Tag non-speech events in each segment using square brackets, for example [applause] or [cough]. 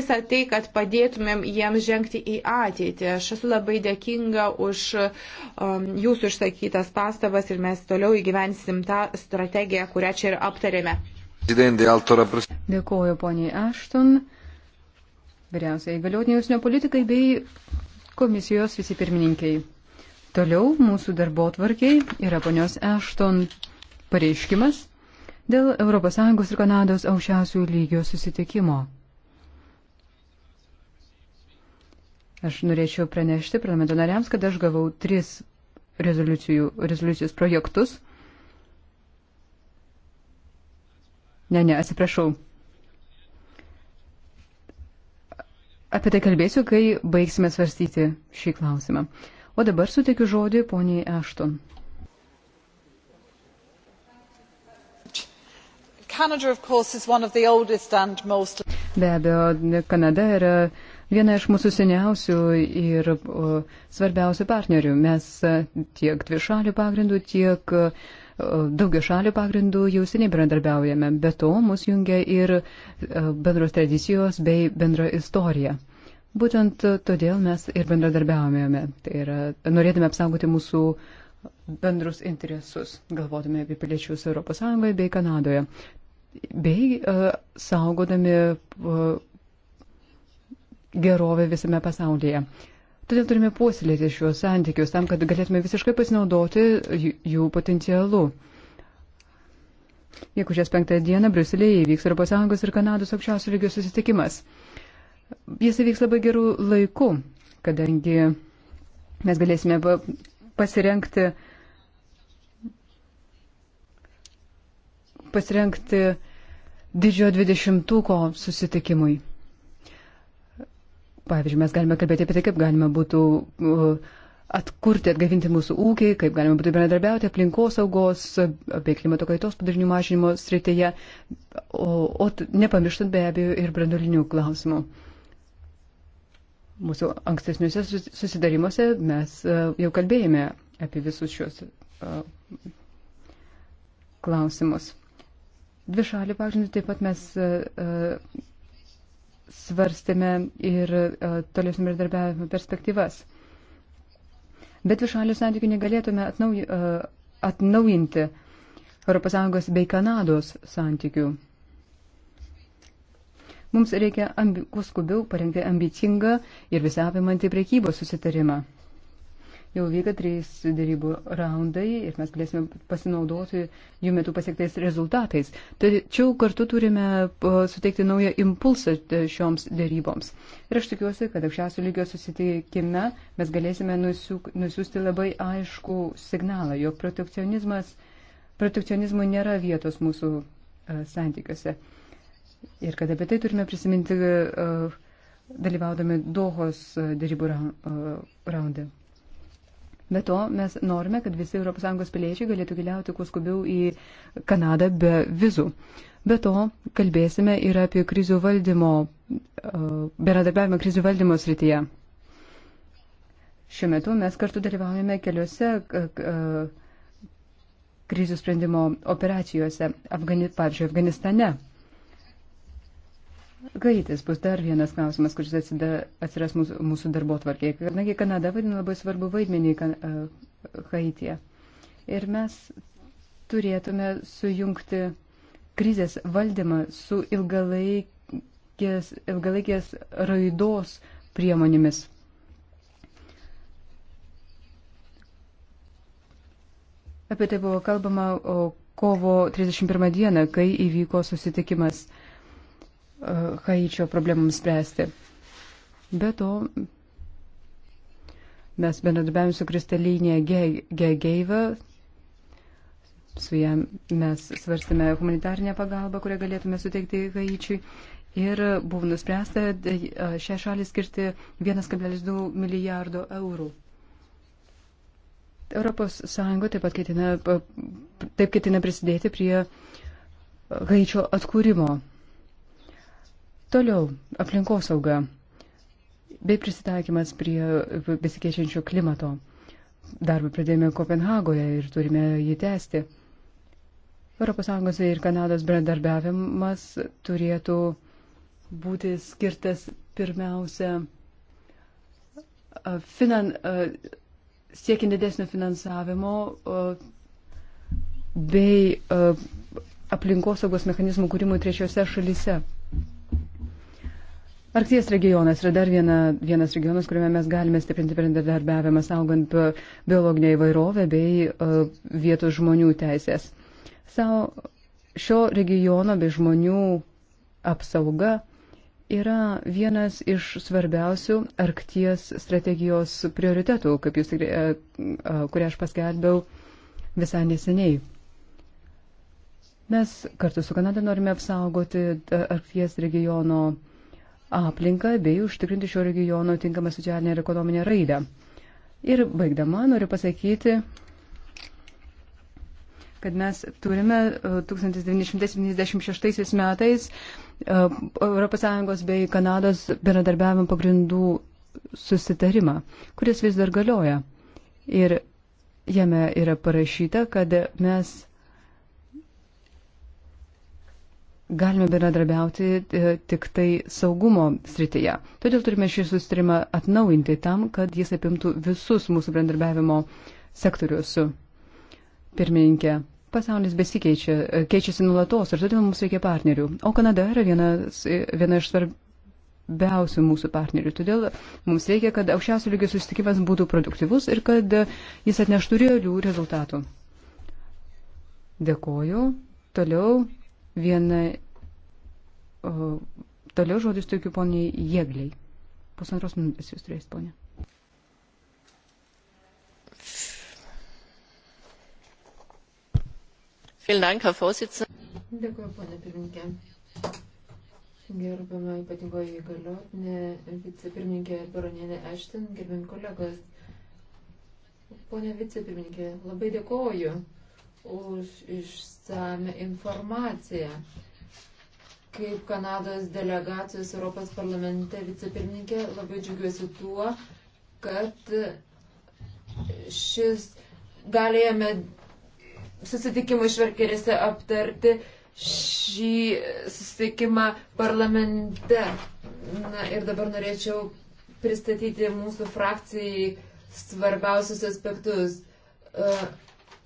visą tai, kad padėtumėm jiems žengti į ateitį. Aš esu labai dėkinga už um, jūsų išsakytas pastabas ir mes toliau įgyvensim tą strategiją, kurią čia ir aptarėme. Dėkuoju poniai Ašton, vyriausiai įgaliotinė užsienio politikai bei komisijos vicepirmininkiai. Toliau mūsų darbo tvarkiai yra ponios Ašton pareiškimas dėl ES ir Kanados aukščiausių lygio susitikimo. Aš norėčiau pranešti parlamento nariams, kad aš gavau tris rezoliucijos projektus. Ne, ne, atsiprašau. Apie tai kalbėsiu, kai baigsime svarstyti šį klausimą. O dabar suteikiu žodį poniai Ashton. Be abejo, Kanada yra viena iš mūsų seniausių ir svarbiausių partnerių. Mes tiek dvišalių pagrindų, tiek daugia šalių pagrindų jau seniai bendradarbiaujame. Be to, mus jungia ir bendros tradicijos bei bendra istorija. Būtent todėl mes ir bendradarbiaujame. Tai yra, norėtume apsaugoti mūsų bendrus interesus, galvodami apie piliečius ES bei Kanadoje, bei uh, saugodami uh, gerovę visame pasaulyje. Todėl turime puoselėti šiuos santykius tam, kad galėtume visiškai pasinaudoti jų potencialu. Jeigu šias penktą dieną Briuselėje įvyks Europos Sąjungos ir Kanados aukščiausių lygių susitikimas. Jis įvyks labai gerų laikų, kadangi mes galėsime pasirenkti, pasirenkti didžiojo dvidešimtuko susitikimui. Pavyzdžiui, mes galime kalbėti apie tai, kaip galima būtų uh, atkurti, atgavinti mūsų ūkį, kaip galima būtų bendradarbiauti aplinkosaugos bei klimato kaitos padarinių mažinimo srityje, o, o nepamirštant be abejo ir brandolinių klausimų. Mūsų ankstesniuose susidarimuose mes uh, jau kalbėjome apie visus šios uh, klausimus. Dvi šalį pažinį taip pat mes svarstėme ir e, tolesnių bendradarbiavimo perspektyvas. Bet višalių santykių negalėtume atnauj, e, atnaujinti ES bei Kanados santykių. Mums reikia ambi, kuo skubiau parengti ambicingą ir visapimantį priekybos susitarimą. Jau vyka trys darybų raundai ir mes galėsime pasinaudoti jų metu pasiektais rezultatais. Tačiau kartu turime suteikti naują impulsą e, šioms daryboms. Ir aš tikiuosi, kad aukščiausio lygio susitikime mes galėsime nusiuk, nusiųsti labai aišku signalą, jog protekcionizmas, protekcionizmui nėra vietos mūsų e, santykiuose. Ir kad apie tai turime prisiminti e, dalyvaudami Dohos darybų raunde. Be to, mes norime, kad visi ES piliečiai galėtų keliauti kuo skubiau į Kanadą be vizų. Be to, kalbėsime ir apie krizių valdymo, e, bendradarbiavimą krizių valdymo srityje. Šiuo metu mes kartu dalyvaujame keliose e, krizių sprendimo operacijose, Afgani, pavyzdžiui, Afganistane. Gaitis bus dar vienas klausimas, kuris atsida, atsiras mūsų, mūsų darbo tvarkėje, kadangi Kanada vaidina labai svarbu vaidmenį kan, uh, e, Haitie. Ir mes turėtume sujungti krizės valdymą su ilgalaikės, ilgalaikės raidos priemonėmis. Apie tai buvo kalbama kovo 31 dieną, kai įvyko susitikimas uh, Haičio problemams spręsti. Be to, mes bendradarbiavim su Kristalinė Gegeiva, su ją mes svarstėme humanitarnę pagalbą, kurią galėtume suteikti Haičiui. Ir buvo nuspręsta e, šią šalį skirti 1,2 milijardo eurų. Europos Sąjunga taip pat ketina, taip ketina prisidėti prie Haičio atkūrimo. Toliau - aplinkosauga bei prisitaikymas prie besikeičiančio klimato. Darbą pradėjome Kopenhagoje ir turime jį tęsti. ES ir Kanados bendarbiavimas turėtų būti skirtas pirmiausia finan, siekiant didesnio finansavimo bei aplinkosaugos mechanizmų kūrimų trečiose šalyse. Arkties regionas yra dar viena, vienas regionas, kuriame mes galime stiprinti bendradarbiavimą, saugant biologinę įvairovę bei uh, vietos žmonių teisės. Sau šio regiono bei žmonių apsauga yra vienas iš svarbiausių Arkties strategijos prioritetų, kaip jūs, uh, uh, kurią aš paskelbiau visai neseniai. Mes kartu su Kanada norime apsaugoti e, Arkties regiono uh, aplinką bei užtikrinti šio regiono tinkamą socialinę ir ekonominę raidą. Ir baigdama noriu pasakyti, kad mes turime 1976 e, metais ES bei Kanados bendradarbiavimo pagrindų susitarimą, kuris vis dar galioja. Ir jame yra parašyta, kad mes galime bendradarbiauti e, tik tai saugumo srityje. Todėl turime šį sustarimą atnaujinti tam, kad jis apimtų visus mūsų bendradarbiavimo sektorius. Pirmininkė, pasaulis besikeičia, e, keičiasi nulatos ir todėl mums reikia partnerių. O Kanada yra vienas, e, viena iš svarbiausių mūsų partnerių. Todėl mums reikia, kad aukščiausių lygių susitikimas būtų produktyvus ir kad jis atneštų realių rezultatų. Dėkoju. Toliau Viena. O, toliau žodis tokiu poniai Jėgliai. Pusantros minutės jūs turėsite, ponė. Dėkuoju, ponė pirmininkė. Gerbama ypatingoji įgaliotinė vicepirmininkė Baronienė Ešten, gerbami kolegos. Pone vicepirmininkė, labai dėkuoju už išsame informaciją. Kaip Kanados delegacijos Europos parlamente vicepirmininkė, labai džiugiuosi tuo, kad šis galėjome susitikimų išverkerėse aptarti šį susitikimą parlamente. Na ir dabar norėčiau pristatyti mūsų frakcijai svarbiausius aspektus. Uh,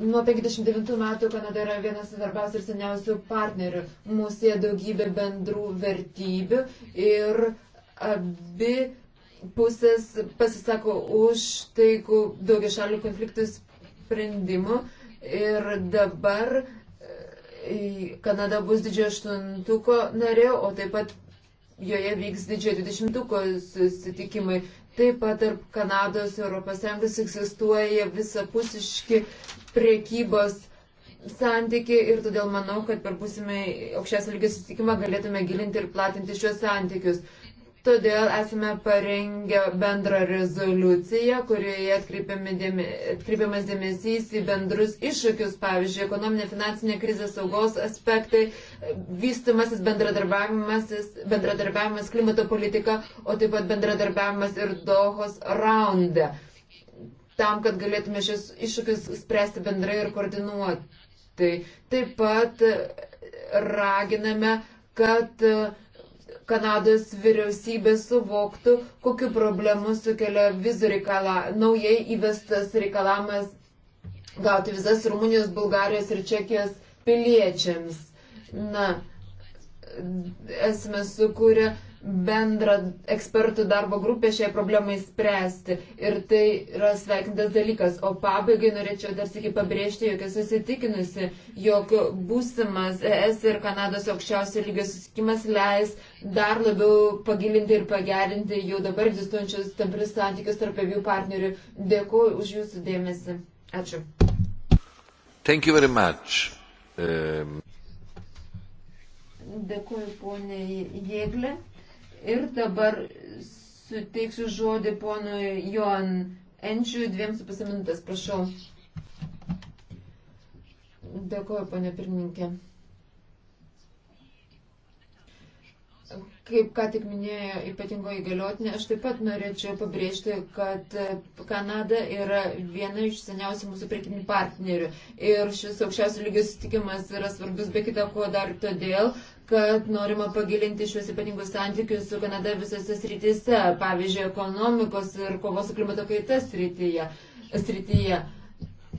Nuo 59 metų Kanada yra vienas svarbiausių ir seniausių partnerių. Mūsų jie daugybė bendrų vertybių ir abi pusės pasisako už taikų daugia šalių konfliktų sprendimų. Ir dabar e, Kanada bus didžiojo aštuntuko narė, o taip pat joje vyks didžiojo dvidešimtuko susitikimai. Taip pat tarp Kanados ir ES egzistuoja visapusiški priekybos santyki ir todėl manau, kad per būsimą aukščiausio lygio susitikimą galėtume gilinti ir platinti šios santykius. Todėl esame parengę bendrą rezoliuciją, kurioje atkreipiamas dėmesys į bendrus iššūkius, pavyzdžiui, ekonominė finansinė krizė, saugos aspektai, vystimasis bendradarbiavimas, bendradarbiavimas klimato politika, o taip pat bendradarbiavimas ir Dohos raunde. E tam, kad galėtume šis iššūkis spręsti bendrai ir koordinuoti. Taip pat e, raginame, kad e, Kanados vyriausybė suvoktų, kokiu problemu sukelia vizų reikala, naujai įvestas reikalavimas gauti vizas Rumunijos, Bulgarijos ir Čekijos piliečiams. Na, esame sukūrę bendrą ekspertų darbo grupę šiai problemai spręsti. Ir tai yra sveikintas dalykas. O pabaigai norėčiau dar sėki pabrėžti, jog esu įsitikinusi, jog būsimas ES ir Kanados aukščiausio lygio susitikimas leis dar labiau pagilinti ir pagerinti jau dabar egzistuojančius tamprius santykius tarp abiejų partnerių. Dėkuoju už jūsų dėmesį. Ačiū. Thank you very much. Um... Dėkuoju poniai Jėglė. Ir dabar suteiksiu žodį ponui Joan Enčiui dviem su pusė minutės, prašau. Dėkuoju, ponė pirmininkė. Kaip ką tik minėjo ypatingoji galiotinė, aš taip pat norėčiau pabrėžti, kad Kanada yra viena iš seniausių mūsų prekybinių partnerių. Ir šis aukščiausio lygio sutikimas yra svarbus, be kita ko dar todėl, kad norima pagilinti šios ypatingus santykius su Kanada visose srityse, pavyzdžiui, ekonomikos ir kovos su klimato kaita srityje. srityje.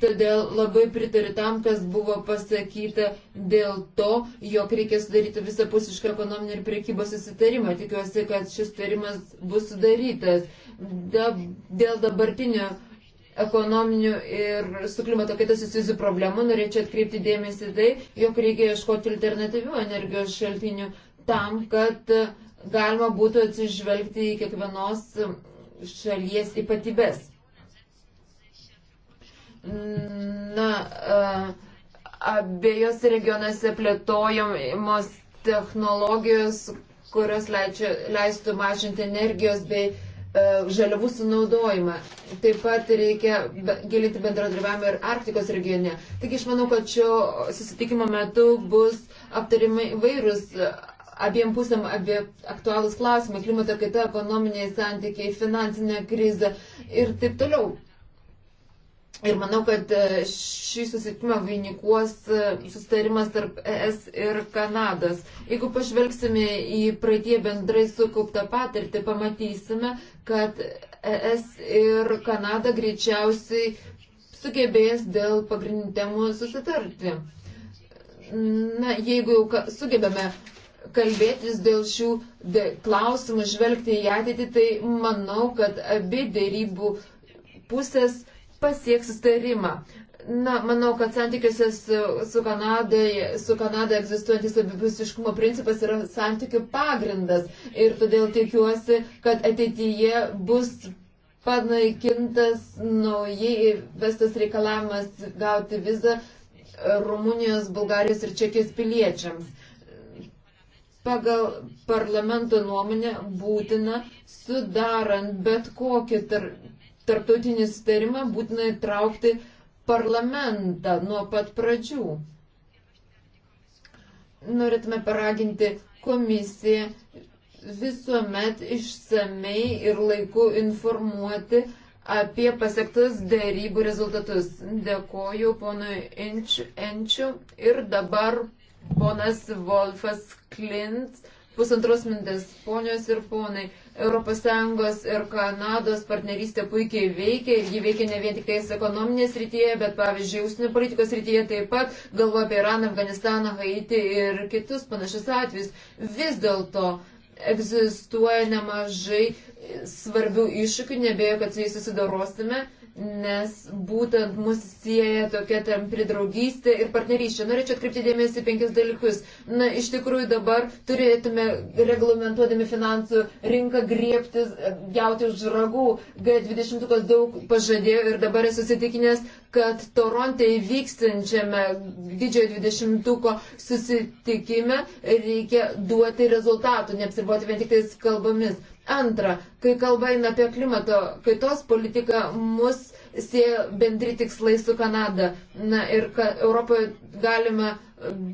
Todėl labai pritariu tam, kas buvo pasakyta dėl to, jog reikia sudaryti visapusišką ekonominį ir priekybos susitarimą. Tikiuosi, kad šis sutarimas bus sudarytas. Da, dėl dabartinio ekonominių ir su klimato kaita susijusių problemų norėčiau atkreipti dėmesį tai, jog reikia ieškoti alternatyvių energijos šaltinių tam, kad galima būtų atsižvelgti į kiekvienos šalies ypatybės. Na, e, abiejose regionuose plėtojamos technologijos, kurios leidžia, leistų mažinti energijos bei uh, žaliavų sunaudojimą. Taip pat reikia gilinti bendradarbiavimą ir Arktikos regione. Taigi aš manau, kad šio susitikimo metu bus aptarimai vairūs e, abiem pusėm apie aktualūs klausimai - klimato kaita, ekonominiai santykiai, finansinė krizė ir taip toliau. Ir manau, kad e, šį susitikimą vainikuos e, sustarimas tarp ES ir Kanados. Jeigu pažvelgsime į praeitie bendrai sukauptą patirtį, pamatysime, kad ES ir Kanada greičiausiai sugebės dėl pagrindinių temų susitarti. Na, jeigu jau sugebėme kalbėtis dėl šių klausimų, žvelgti į ateitį, tai manau, kad abi dėrybų pusės pasieks sustarimą. Na, manau, kad santykiuose su, su, Kanadai, su Kanada egzistuojantis abipusiškumo principas yra santykių pagrindas ir todėl tikiuosi, kad ateityje bus panaikintas naujai vestas reikalavimas gauti vizą Rumunijos, Bulgarijos ir Čekijos piliečiams. Pagal parlamento nuomonę būtina sudarant bet kokį tarp tarptautinį sutarimą būtina įtraukti parlamentą nuo pat pradžių. Norėtume paraginti komisiją visuomet išsamei ir laiku informuoti apie pasiektus dėrybų rezultatus. Dėkoju ponui Enčiu, Enčiu ir dabar ponas Wolfas Klint, pusantros mintis, ponios ir ponai. ES ir Kanados partnerystė puikiai veikia ir ji veikia ne vien tik tais ekonominės rytyje, bet pavyzdžiui, užsienio politikos rytyje taip pat galvo apie Iraną, Afganistaną, Haitį ir kitus panašius atvejus. Vis dėlto egzistuoja nemažai svarbių iššūkių, nebejoju, kad su jais susidorosime nes būtent mus sieja tokia tampri draugystė ir partnerystė. Norėčiau atkreipti dėmesį penkis dalykus. Na, iš tikrųjų dabar turėtume, reglamentuodami finansų rinką, griebtis, jauti už ragų. G20 daug pažadėjo ir dabar esu susitikinęs, kad Toronte įvykstančiame didžiojo 20 susitikime reikia duoti rezultatų, neapsirbuoti vien tik tais kalbomis. Antra, kai kalba eina apie klimato kaitos politiką, mus sieja bendri tikslai su Kanada. Na ir ka, Europoje galime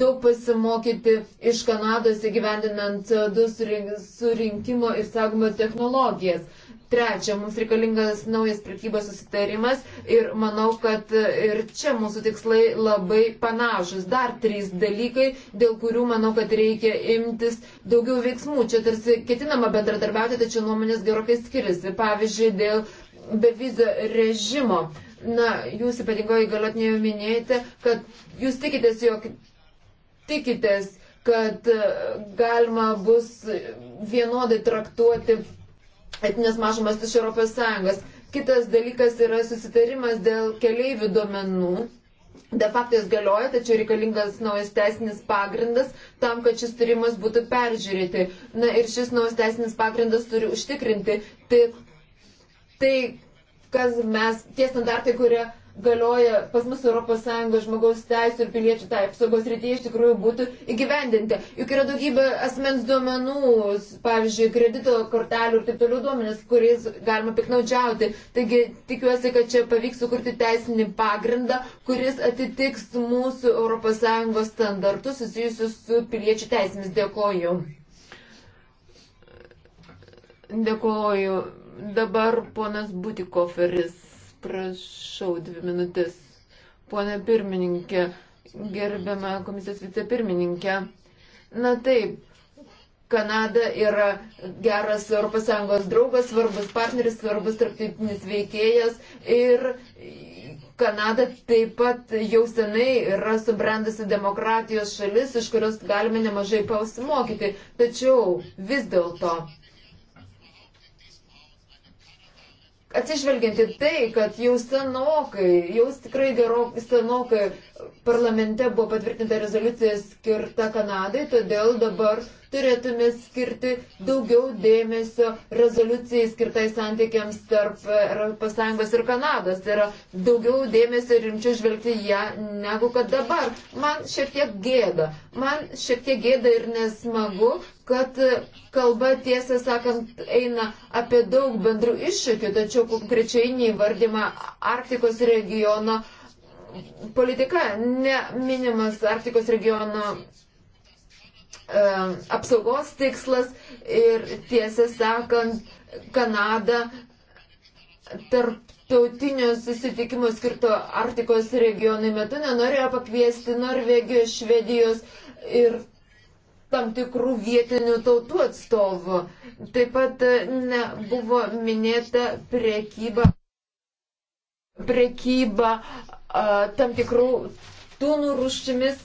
daug pasimokyti iš Kanados įgyvendinant CO2 surink, surinkimo ir saugumo technologijas. Trečia, mums reikalingas naujas prekybos susitarimas ir manau, kad ir čia mūsų tikslai labai panašus. Dar trys dalykai, dėl kurių manau, kad reikia imtis daugiau veiksmų. Čia tarsi ketinama bendradarbiauti, tačiau nuomonės gerokai skiriasi. Pavyzdžiui, dėl bevizio režimo. Na, jūs ypatingoji galotinėje minėjote, kad jūs tikitės, jog tikitės, kad galima bus vienodai traktuoti etinės mažumas iš Europos Sąjungos. Kitas dalykas yra susitarimas dėl keleivių duomenų. De facto jis galioja, tačiau reikalingas naujas teisinis pagrindas tam, kad šis tyrimas būtų peržiūrėti. Na ir šis naujas teisinis pagrindas turi užtikrinti tai, tai kas mes, tie standartai, kurie galioja pas mus ES žmogaus teisų ir piliečių tai apsaugos rytyje iš tikrųjų būtų įgyvendinti. Juk yra daugybė asmens duomenų, pavyzdžiui, kredito kortelių ir taip toliau duomenys, kuriais galima piknaudžiauti. Taigi tikiuosi, kad čia pavyks sukurti teisinį pagrindą, kuris atitiks mūsų ES standartus susijusius su piliečių teisėmis. Dėkoju. Dėkoju. Dabar ponas Butikoferis. Prašau, dvi minutės. Pone pirmininkė, gerbiama komisijos vicepirmininkė. Na taip, Kanada yra geras ES draugas, svarbus partneris, svarbus tarptautinis veikėjas ir Kanada taip pat jau senai yra subrendusi demokratijos šalis, iš kurios galime nemažai pasimokyti. Tačiau vis dėlto Atsižvelgiant į tai, kad jau senokai, jau tikrai gerokai senokai parlamente buvo patvirtinta rezoliucija skirta Kanadai, todėl dabar turėtume skirti daugiau dėmesio rezoliucijai skirtai santykiams tarp ES ir Kanados. Tai yra daugiau dėmesio rimčiau žvelgti ją negu kad dabar. Man šiek tiek gėda. Man šiek tiek gėda ir nesmagu, kad kalba, tiesą sakant, eina apie daug bendrų iššūkių, tačiau konkrečiai neįvardyma Arktikos regiono politika, neminimas Arktikos regiono e, apsaugos tikslas ir tiesą sakant, Kanada tarptautinio susitikimo skirto Arktikos regionui metu nenorėjo pakviesti Norvegijos, Švedijos ir tam tikrų vietinių tautų atstovų. Taip pat e, ne, buvo minėta prekyba, prekyba a, e, tam tikrų tūnų rūšimis.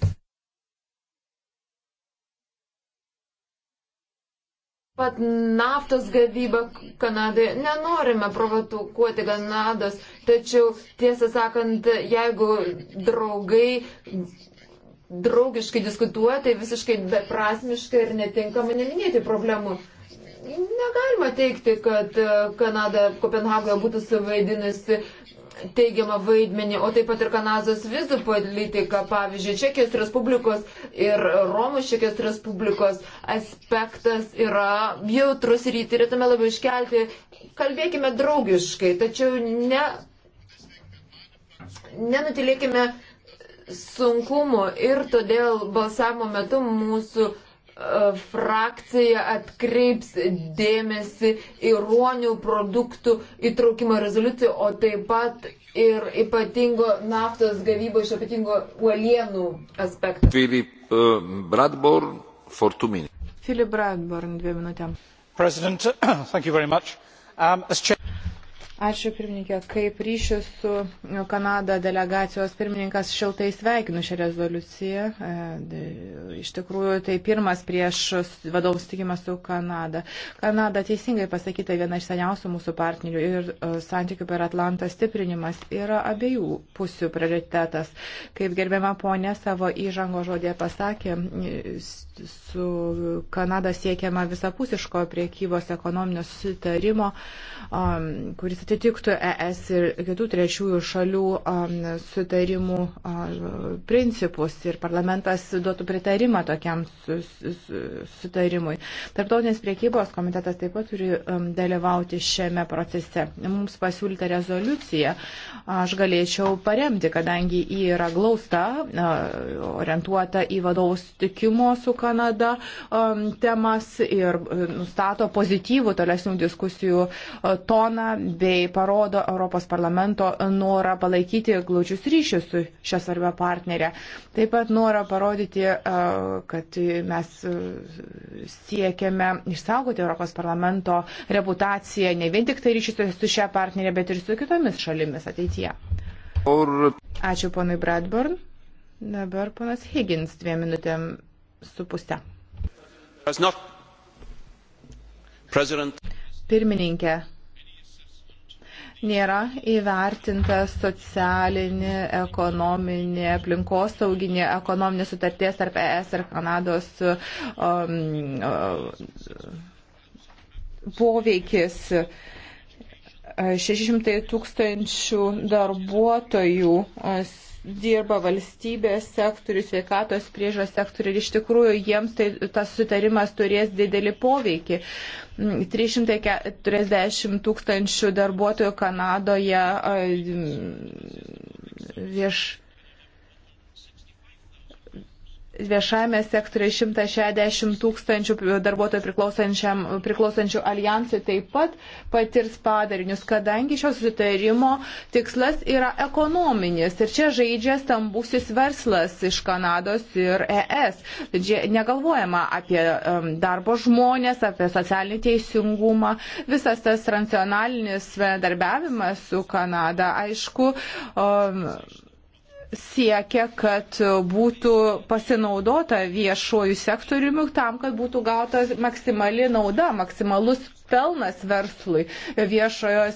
Pat naftos gavybą Kanadoje nenorime provokuoti Kanados, tačiau tiesą sakant, jeigu draugai draugiškai diskutuoja, tai visiškai beprasmiška ir netinkama neminėti problemų. Negalima teikti, kad e, Kanada Kopenhagoje būtų suvaidinusi teigiamą vaidmenį, o taip pat ir Kanados vizų politika, pavyzdžiui, Čekijos Respublikos ir Romos Čekijos Respublikos aspektas yra jautrus ir jį turėtume labiau iškelti. Kalbėkime draugiškai, tačiau ne, nenutilėkime sunkumų ir todėl balsavimo metu mūsų e, frakcija atkreips dėmesį į ruonių produktų įtraukimą rezoliuciją, o taip pat ir ypatingo naftos gavybo iš ypatingo uolienų aspektų. Filip uh, Bradborn, Fortumin. Filip Bradborn, dvi minutėm. [clears throat] Um, as... Ačiū pirmininkė. Kaip ryšių su Kanada delegacijos pirmininkas šiltai sveikinu šią rezoliuciją. E, iš tikrųjų, tai pirmas prieš vadovų sutikimą su Kanada. Kanada teisingai pasakyta viena iš seniausių mūsų partnerių ir e, santykių per Atlantą stiprinimas yra abiejų pusių prioritetas. Kaip gerbiama ponė savo įžango žodė pasakė, e, su Kanada siekiama visapusiško priekybos ekonominio susitarimo, kuris atitiktų ES ir kitų trečiųjų šalių um, sutarimų um, principus ir parlamentas duotų pritarimą tokiam sutarimui. Tarptautinės priekybos komitetas taip pat turi um, dalyvauti šiame procese. Mums pasiūlyta rezoliucija aš galėčiau paremti, kadangi ji yra glausta, uh, orientuota į vadovų sutikimo su Kanada temas ir uh, nustato pozityvų tolesnių diskusijų uh, toną bei tai parodo Europos parlamento norą palaikyti glaučius ryšius su šią svarbę partnerę. Taip pat norą parodyti, e, kad mes e, siekiame išsaugoti Europos parlamento reputaciją ne vien tik tai ryšius su šią partnerę, bet ir su kitomis šalimis ateityje. Ačiū ponui Bradburn. Dabar ponas Higgins dviem minutėm su pusę. Pirmininkė, nėra įvertinta socialinė, ekonominė, aplinkosauginė, ekonominė sutarties tarp ES ir Kanados. Um, um, poveikis 600 tūkstančių darbuotojų uh, dirba valstybės sektorių, sveikatos priežos sektorių ir iš tikrųjų jiems tai, tas sutarimas turės didelį poveikį. 340 tūkstančių darbuotojų Kanadoje vieš viešajame sektoriuje 160 tūkstančių darbuotojų priklausančių alijansui taip pat patirs padarinius, kadangi šios sutarimo tikslas yra ekonominis. Ir čia žaidžia stambusis verslas iš Kanados ir ES. Čia negalvojama apie darbo žmonės, apie socialinį teisingumą. Visas tas transnacionalinis darbiavimas su Kanada, aišku, um, siekia, kad būtų pasinaudota viešuoju sektoriumi tam, kad būtų gauta maksimali nauda, maksimalus pelnas verslui viešojo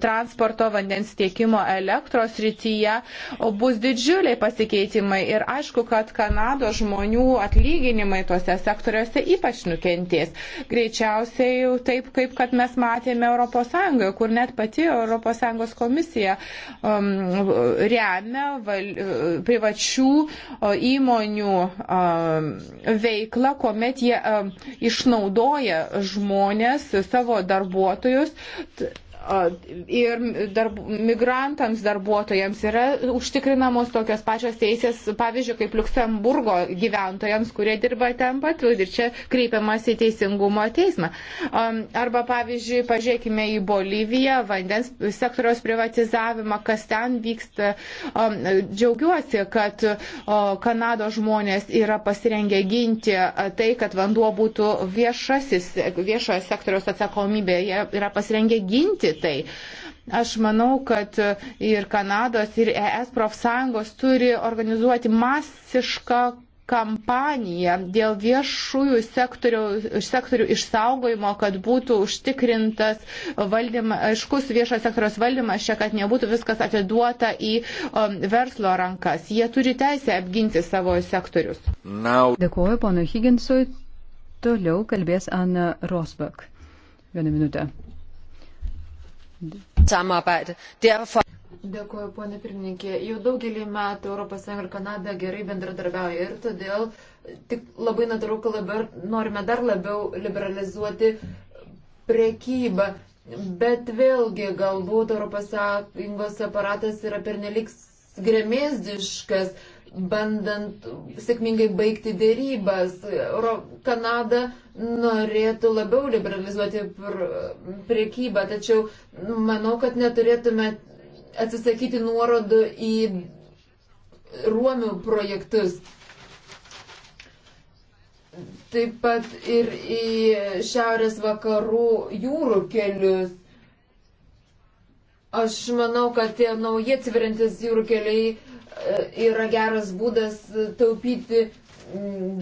transporto, vandens tiekimo, elektros rytyje bus didžiuliai pasikeitimai ir aišku, kad Kanados žmonių atlyginimai tuose sektoriuose ypač nukentės. Greičiausiai taip, kaip kad mes matėme ES, kur net pati ES komisija um, remia val, privačių įmonių um, veiklą, kuomet jie um, išnaudoja žmonės, savo darbuotojus ir darb, migrantams darbuotojams yra užtikrinamos tokios pačios teisės, pavyzdžiui, kaip Luksemburgo gyventojams, kurie dirba ten pat ir čia kreipiamas į teisingumo teismą. Arba, pavyzdžiui, pažiūrėkime į Boliviją, vandens sektoriaus privatizavimą, kas ten vyksta. Džiaugiuosi, kad Kanados žmonės yra pasirengę ginti tai, kad vanduo būtų viešasis, viešojo sektoriaus atsakomybė. Jie yra pasirengę ginti tai. Aš manau, kad ir Kanados, ir ES profsąjungos turi organizuoti masišką kampaniją dėl viešųjų sektorių, sektorių išsaugojimo, kad būtų užtikrintas valdyma, aiškus viešo sektoriaus valdymas čia, kad nebūtų viskas atiduota į um, verslo rankas. Jie turi teisę apginti savo sektorius. Now. Dėkuoju ponui Higginsui. Toliau kalbės Anna Rosbach. Vieną minutę. Dėkuoju, ponė pirmininkė. Jau daugelį metų ES ir Kanada gerai bendradarbiauja ir todėl tik labai natūralu, kad dabar norime dar labiau liberalizuoti prekybą. Bet vėlgi galbūt ES aparatas yra pernelik grėmėzdiškas bandant sėkmingai baigti dėrybas. Kanada norėtų labiau liberalizuoti priekybą, tačiau manau, kad neturėtume atsisakyti nuorodų į ruomių projektus. Taip pat ir į šiaurės vakarų jūrų kelius. Aš manau, kad tie nauji atsiverintis jūrų keliai yra geras būdas taupyti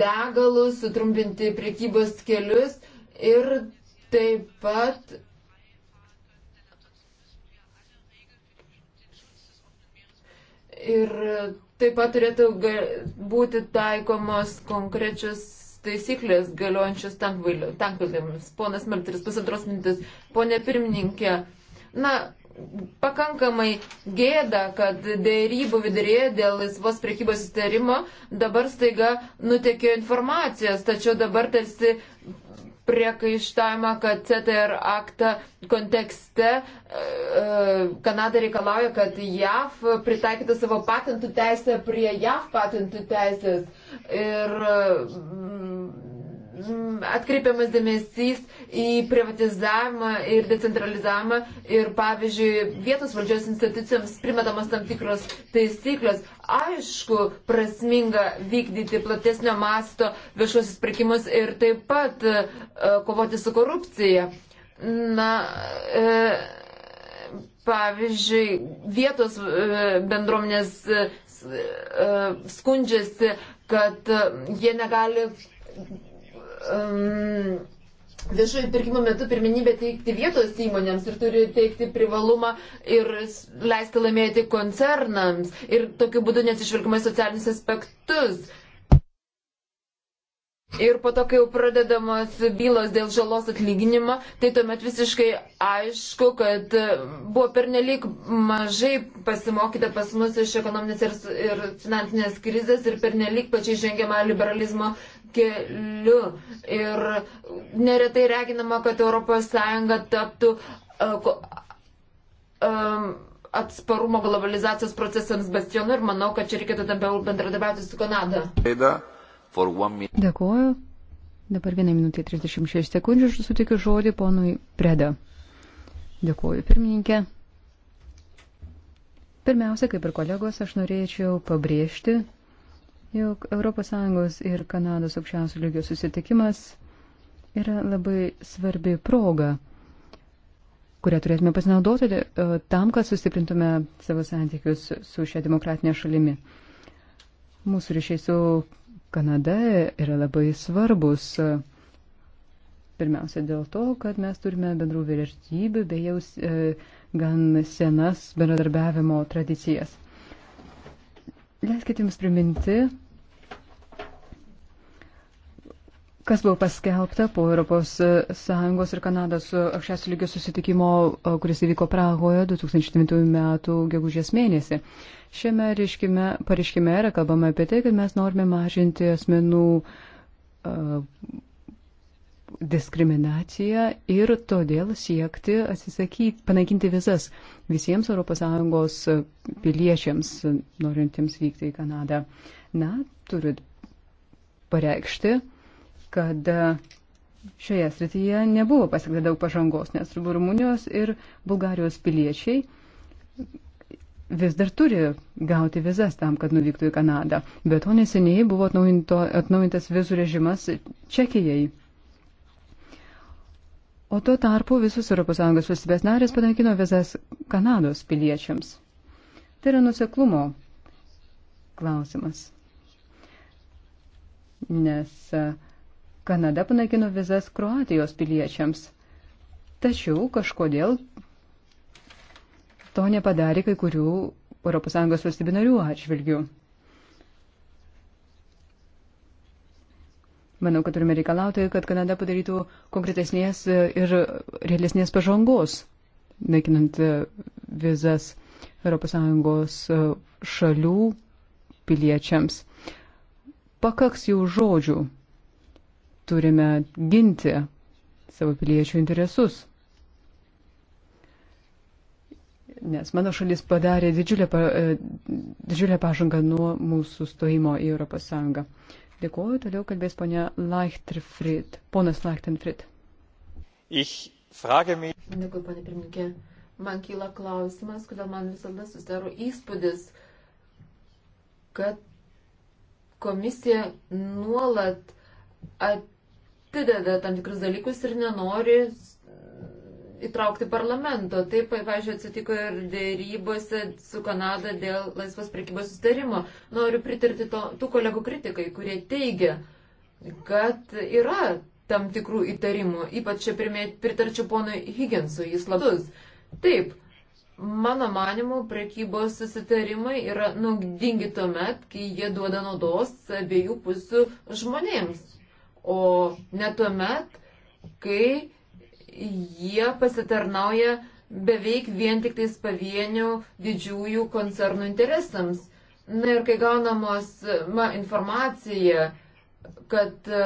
degalus, sutrumpinti priekybos kelius ir taip pat ir taip pat turėtų būti taikomos konkrečios taisyklės galiojančios tankvailiams. Ponas Meltris, pusantros mintis. Pone pirmininkė, na, pakankamai gėda, kad dėrybų vidurėje dėl laisvos priekybos sustarimo dabar staiga nutekė informacijos, tačiau dabar tarsi priekaištavimą, kad CTR aktą kontekste e, e, Kanada reikalauja, kad JAV pritaikytų savo patentų teisę prie JAV patentų teisės. Ir mm, atkreipiamas dėmesys į privatizavimą ir decentralizavimą ir, pavyzdžiui, vietos valdžios institucijoms primetamas tam tikros taisyklės. Aišku, prasminga vykdyti platesnio masto viešuosius pirkimus ir taip pat e, kovoti su korupcija. Na, e, pavyzdžiui, vietos e, bendruomenės e, e skundžiasi, kad e, jie negali um, ehm, viešųjų pirkimų metu pirmenybę teikti vietos įmonėms ir turi teikti privalumą ir leisti laimėti koncernams ir tokiu būdu nesižvelgimai socialinius aspektus. Ir po to, kai jau pradedamos bylos dėl žalos atlyginimo, tai tuomet visiškai aišku, kad e, buvo pernelyg mažai pasimokyta pas mus iš ekonominės ir, ir finansinės krizės ir pernelyg pačiai žengiama liberalizmo uh, keliu. Ir neretai reginama, kad ES taptų e, e, atsparumo globalizacijos procesams bastionu ir manau, kad čia reikėtų labiau bendradarbiauti su Kanada. Dėkuoju. Dabar 1 minutė 36 sekundžių ir sutikiu žodį ponui Preda. Dėkuoju, pirmininkė. Pirmiausia, kaip ir kolegos, aš norėčiau pabrėžti, jog ES ir Kanados aukščiausių lygio susitikimas yra labai svarbi proga, kurią turėtume pasinaudoti e, tam, kad sustiprintume savo santykius su šia demokratinė šalimi. Mūsų ryšiai su Kanada yra labai svarbus. E, pirmiausia dėl to, kad mes turime bendrų vertybių bei jau e, gan senas bendradarbiavimo tradicijas. Leiskite Jums priminti, kas buvo paskelbta po ES e, ir Kanados e, aukščiausių lygio susitikimo, e, kuris įvyko Prahoje 2009 m. gegužės mėnesį. Šiame reiškime, pareiškime yra kalbama apie tai, kad mes norime mažinti asmenų uh, diskriminaciją ir todėl siekti atsisakyti, panaikinti vizas visiems ES piliečiams, norintiems vykti į Kanadą. Na, turiu pareikšti, kad e, šioje srityje nebuvo pasiekta daug pažangos, nes Rumunijos ir Bulgarijos piliečiai vis dar turi gauti vizas tam, kad nuvyktų į Kanadą. Bet to neseniai buvo atnaujintas vizų režimas Čekijai. O tuo tarpu visus ES valstybės narės panaikino vizas Kanados piliečiams. Tai yra nuseklumo klausimas. Nes uh, Kanada panaikino vizas Kroatijos piliečiams. Tačiau kažkodėl to nepadarė kai kurių ES valstybių narių atžvilgių. Manau, kad turime reikalauti, kad Kanada padarytų konkretesnės ir realesnės pažangos, naikinant vizas ES šalių piliečiams. Pakaks jų žodžių turime ginti savo piliečių interesus. Nes mano šalis padarė didžiulę, e, didžiulę pažangą nuo mūsų stojimo į Europos Sąjungą. Dėkuoju, toliau kalbės ponia Leichtfried, ponas Leichtenfried. Dėkui, ponė pirmininkė. Man kyla klausimas, kodėl man visada susidaro įspūdis, kad komisija nuolat at atideda tam tikrus dalykus ir nenori e, įtraukti parlamento. Taip, pavyzdžiui, atsitiko ir dėrybose su Kanada dėl laisvos prekybos sustarimo. Noriu pritarti to, tų kolegų kritikai, kurie teigia, kad yra tam tikrų įtarimų. Ypač čia pritarčiau ponui Higginsui, jis labus. Taip, mano manimu, prekybos susitarimai yra naudingi tuomet, kai jie duoda naudos abiejų pusių žmonėms o ne tuomet, kai jie pasitarnauja beveik vien tik tais pavienių didžiųjų koncernų interesams. Na ir kai gaunamos ma, informacija, kad e,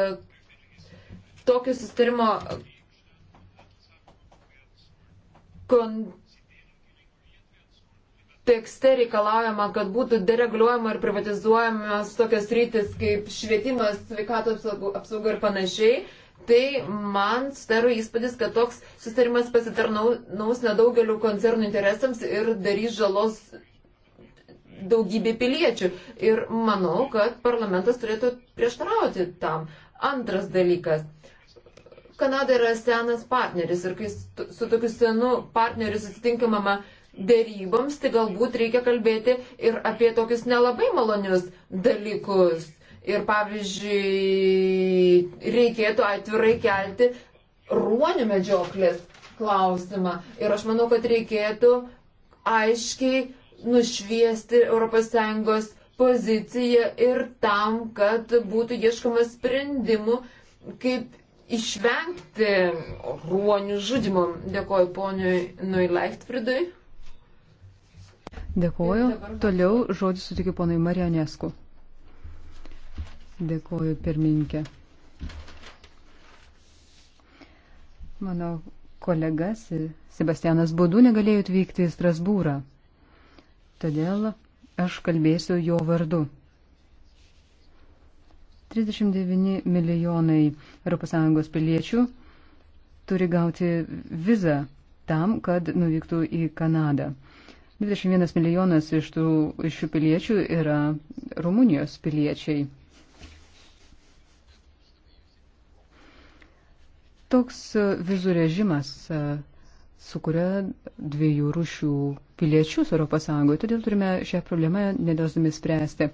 tokio sustarimo kon, tekste reikalaujama, kad būtų dereguliuojama ir privatizuojamas tokios rytis kaip švietimas, sveikatos apsauga ir panašiai, tai man staro įspūdis, kad toks sustarimas pasitarnaus nedaugeliu koncernų interesams ir darys žalos daugybė piliečių. Ir manau, kad parlamentas turėtų prieštarauti tam. Antras dalykas. Kanada yra senas partneris ir kai su tokiu senu partneriu susitinkamama dėryboms, tai galbūt reikia kalbėti ir apie tokius nelabai malonius dalykus. Ir pavyzdžiui, reikėtų atvirai kelti ruonių medžioklės klausimą. Ir aš manau, kad reikėtų aiškiai nušviesti ES poziciją ir tam, kad būtų ieškama sprendimų, kaip išvengti ruonių žudimo. Dėkoju poniui Nuilechtfridui. Dėkuoju. Toliau žodį sutikiu ponai Marianesku. Dėkuoju, pirmininkė. Mano kolegas Sebastianas Būdu negalėjo atvykti į Strasbūrą. Todėl aš kalbėsiu jo vardu. 39 milijonai ES piliečių turi gauti vizą tam, kad nuvyktų į Kanadą. 21 milijonas iš, tų, iš šių piliečių yra Rumunijos piliečiai. Toks e, vizų režimas e, sukuria dviejų rušių piliečius ES, todėl turime šią problemą nedelsdami spręsti.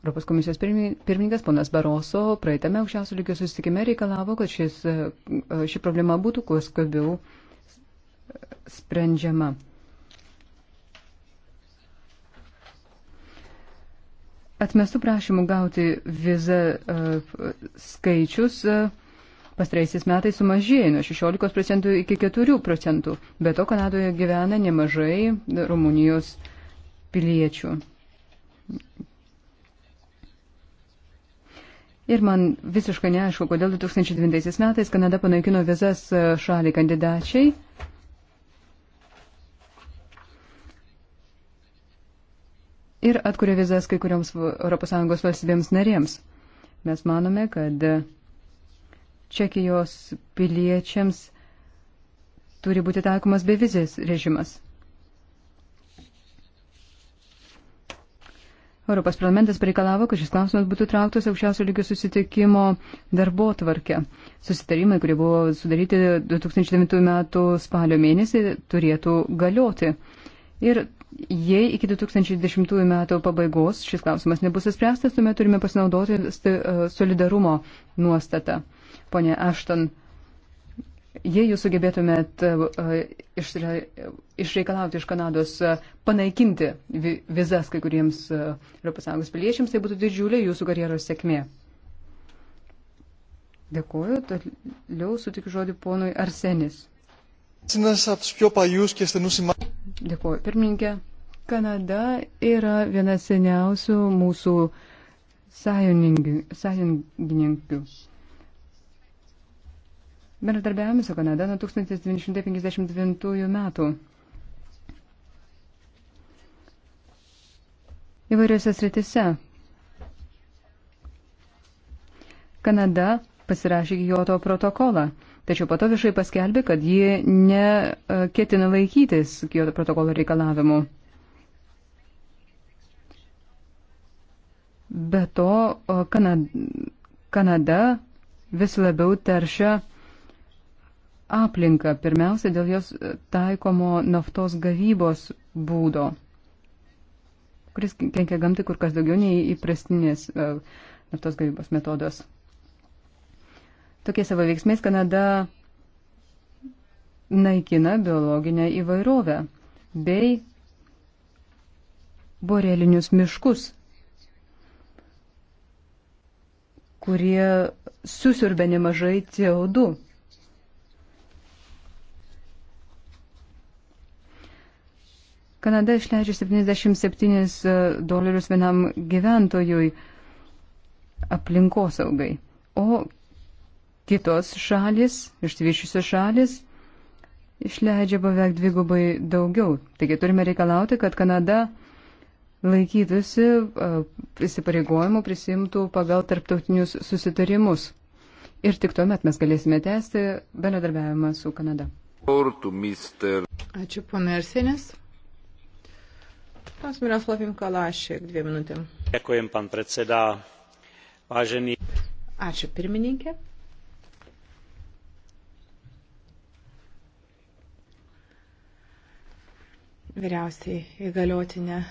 Europos komisijos pirmininkas ponas Baroso praeitame aukščiausio lygio susitikime reikalavo, kad šis, e, ši problema būtų kuo skabiau sprendžiama. Atmestų prašymų gauti vizą uh, skaičius uh, e, pastraisiais metais sumažėjo nuo 16 procentų iki 4 procentų. Be to Kanadoje gyvena nemažai Rumunijos piliečių. Ir man visiškai neaišku, kodėl 2020 metais Kanada panaikino vizas e, šaliai kandidačiai. Uh, ir atkuria vizas kai kurioms ES valstybėms narėms. Mes manome, kad Čekijos piliečiams turi būti taikomas bevizės režimas. Europos parlamentas pareikalavo, kad šis klausimas būtų trauktas aukščiausio lygio susitikimo darbo tvarkė. Susitarimai, kurie buvo sudaryti 2009 m. spalio mėnesį, turėtų galioti. Ir Jei iki 2010 metų pabaigos šis klausimas nebus įspręstas, tuomet turime pasinaudoti e, solidarumo nuostatą. Pone Ašton, jei jūs sugebėtumėt e, išreikalauti iš Kanados e, panaikinti vizas kai kuriems ES piliečiams, tai būtų didžiulė jūsų karjeros sėkmė. Dėkuoju, toliau sutikiu žodį ponui Arsenis. Dėkuoju, pirmininkė. Kanada yra viena seniausių mūsų sąjungininkių. Bendradarbiavame su Kanada nuo 1959 metų. Įvairiose sritise. Kanada pasirašė Kyoto protokolą tačiau pato viešai paskelbė, kad ji neketina e, laikytis Kyoto protokolo reikalavimų. Be to, e, Kanada, Kanada vis labiau teršia aplinką, pirmiausia dėl jos e, taikomo naftos gavybos būdo, kuris kenkia gamtai kur kas daugiau nei įprastinis naftos gavybos metodas. Tokie savo veiksmais Kanada naikina biologinę įvairovę bei borelinius miškus, kurie susiurbė nemažai CO2. Kanada išleidžia 77 e, dolerius vienam gyventojui aplinkosaugai, o Kitos šalis, išsivyščiusios šalis, išleidžia beveik dvigubai daugiau. Taigi turime reikalauti, kad Kanada laikytųsi e, įsipareigojimų prisimtų pagal tarptautinius susitarimus. Ir tik tuomet mes galėsime tęsti bendradarbiavimą su Kanada. Ačiū, pana Arsenis. Pans Miroslavim Kalašek, dviem minutėm. Dėkuojam, pan predseda. Vážený. Ačiū, pirmininkė. Vyriausiai įgaliotinė e,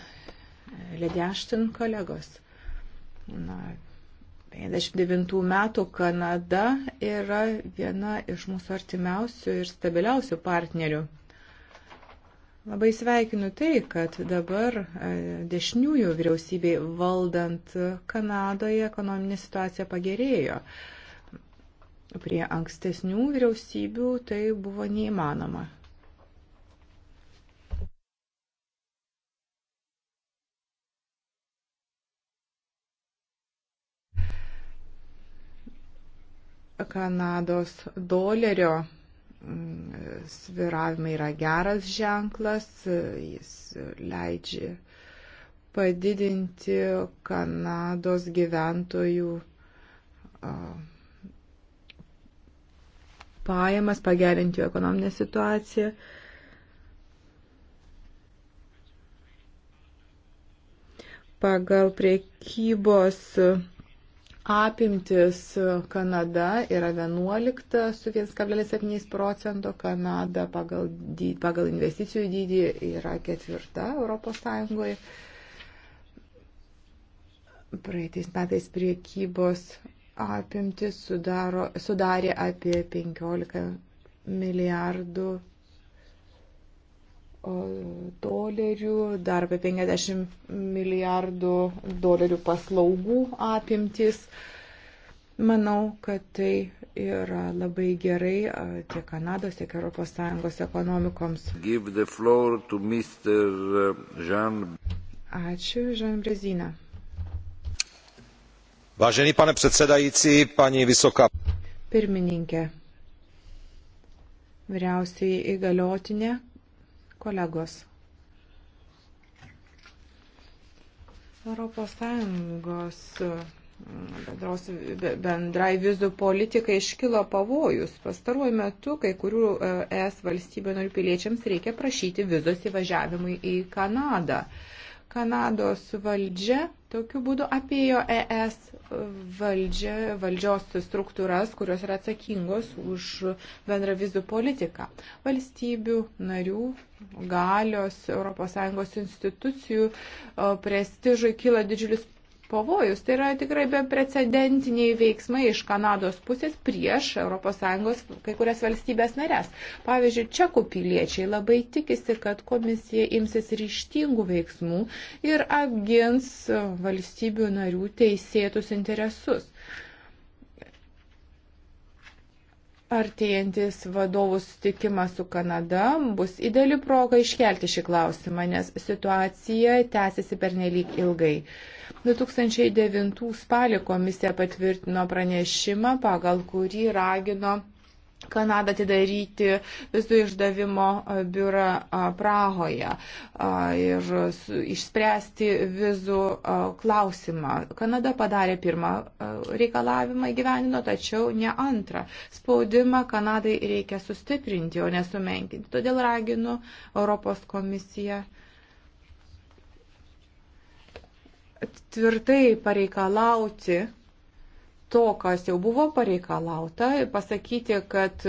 Lediaštin kolegos. Na, 59 metų Kanada yra viena iš mūsų artimiausių ir stabiliausių partnerių. Labai sveikinu tai, kad dabar e, dešiniųjų vyriausybei valdant Kanadoje ekonominė situacija pagerėjo. Prie ankstesnių vyriausybių tai buvo neįmanoma. Kanados dolerio mm, sviravimai yra geras ženklas, jis leidžia padidinti Kanados gyventojų pajamas, pagerinti jų ekonominę situaciją. Pagal priekybos apimtis Kanada yra 11 su 1,7 procento, Kanada pagal, dydį, pagal investicijų dydį yra ketvirta Europos Sąjungoje. Praeitais metais priekybos apimtis sudaro, sudarė apie 15 milijardų dolerių, dar apie 50 milijardų dolerių paslaugų apimtis. Manau, kad tai yra labai gerai tiek Kanados, tiek ES ekonomikoms. Uh, Jean... Ačiū, Žan Brezina. Vážený pane předsedající, paní vysoká. Pirmininkė, vyriausiai įgaliotinė, Kolegos. Europos Sąjungos mm, bendros, bendrai vizų politikai iškilo pavojus. Pastaruoju metu kai kurių e, ES valstybių narių piliečiams reikia prašyti vizos įvažiavimui į Kanadą. Kanados valdžia Tokiu būdu apėjo ES valdžia, valdžios struktūras, kurios yra atsakingos už bendrą vizų politiką. Valstybių narių galios ES institucijų e, prestižui kyla didžiulis pavojus. Tai yra tikrai beprecedentiniai veiksmai iš Kanados pusės prieš ES kai kurias valstybės narės. Pavyzdžiui, čekų piliečiai labai tikisi, kad komisija imsis ryštingų veiksmų ir apgins valstybių narių teisėtus interesus. Artėjantis vadovų sutikimas su Kanada bus įdėlį proga iškelti šį klausimą, nes situacija tęsiasi per nelik ilgai. Uh, 2009 spalį komisija patvirtino pranešimą, pagal kurį ragino Kanadą atidaryti visų išdavimo e, biurą e, Prahoje e, ir išspręsti vizų klausimą. Kanada padarė pirmą reikalavimą gyvenino, tačiau ne antrą. Spaudimą Kanadai reikia sustiprinti, o nesumenkinti. Todėl raginu Europos komisiją tvirtai pareikalauti to, kas jau buvo pareikalauta, pasakyti, kad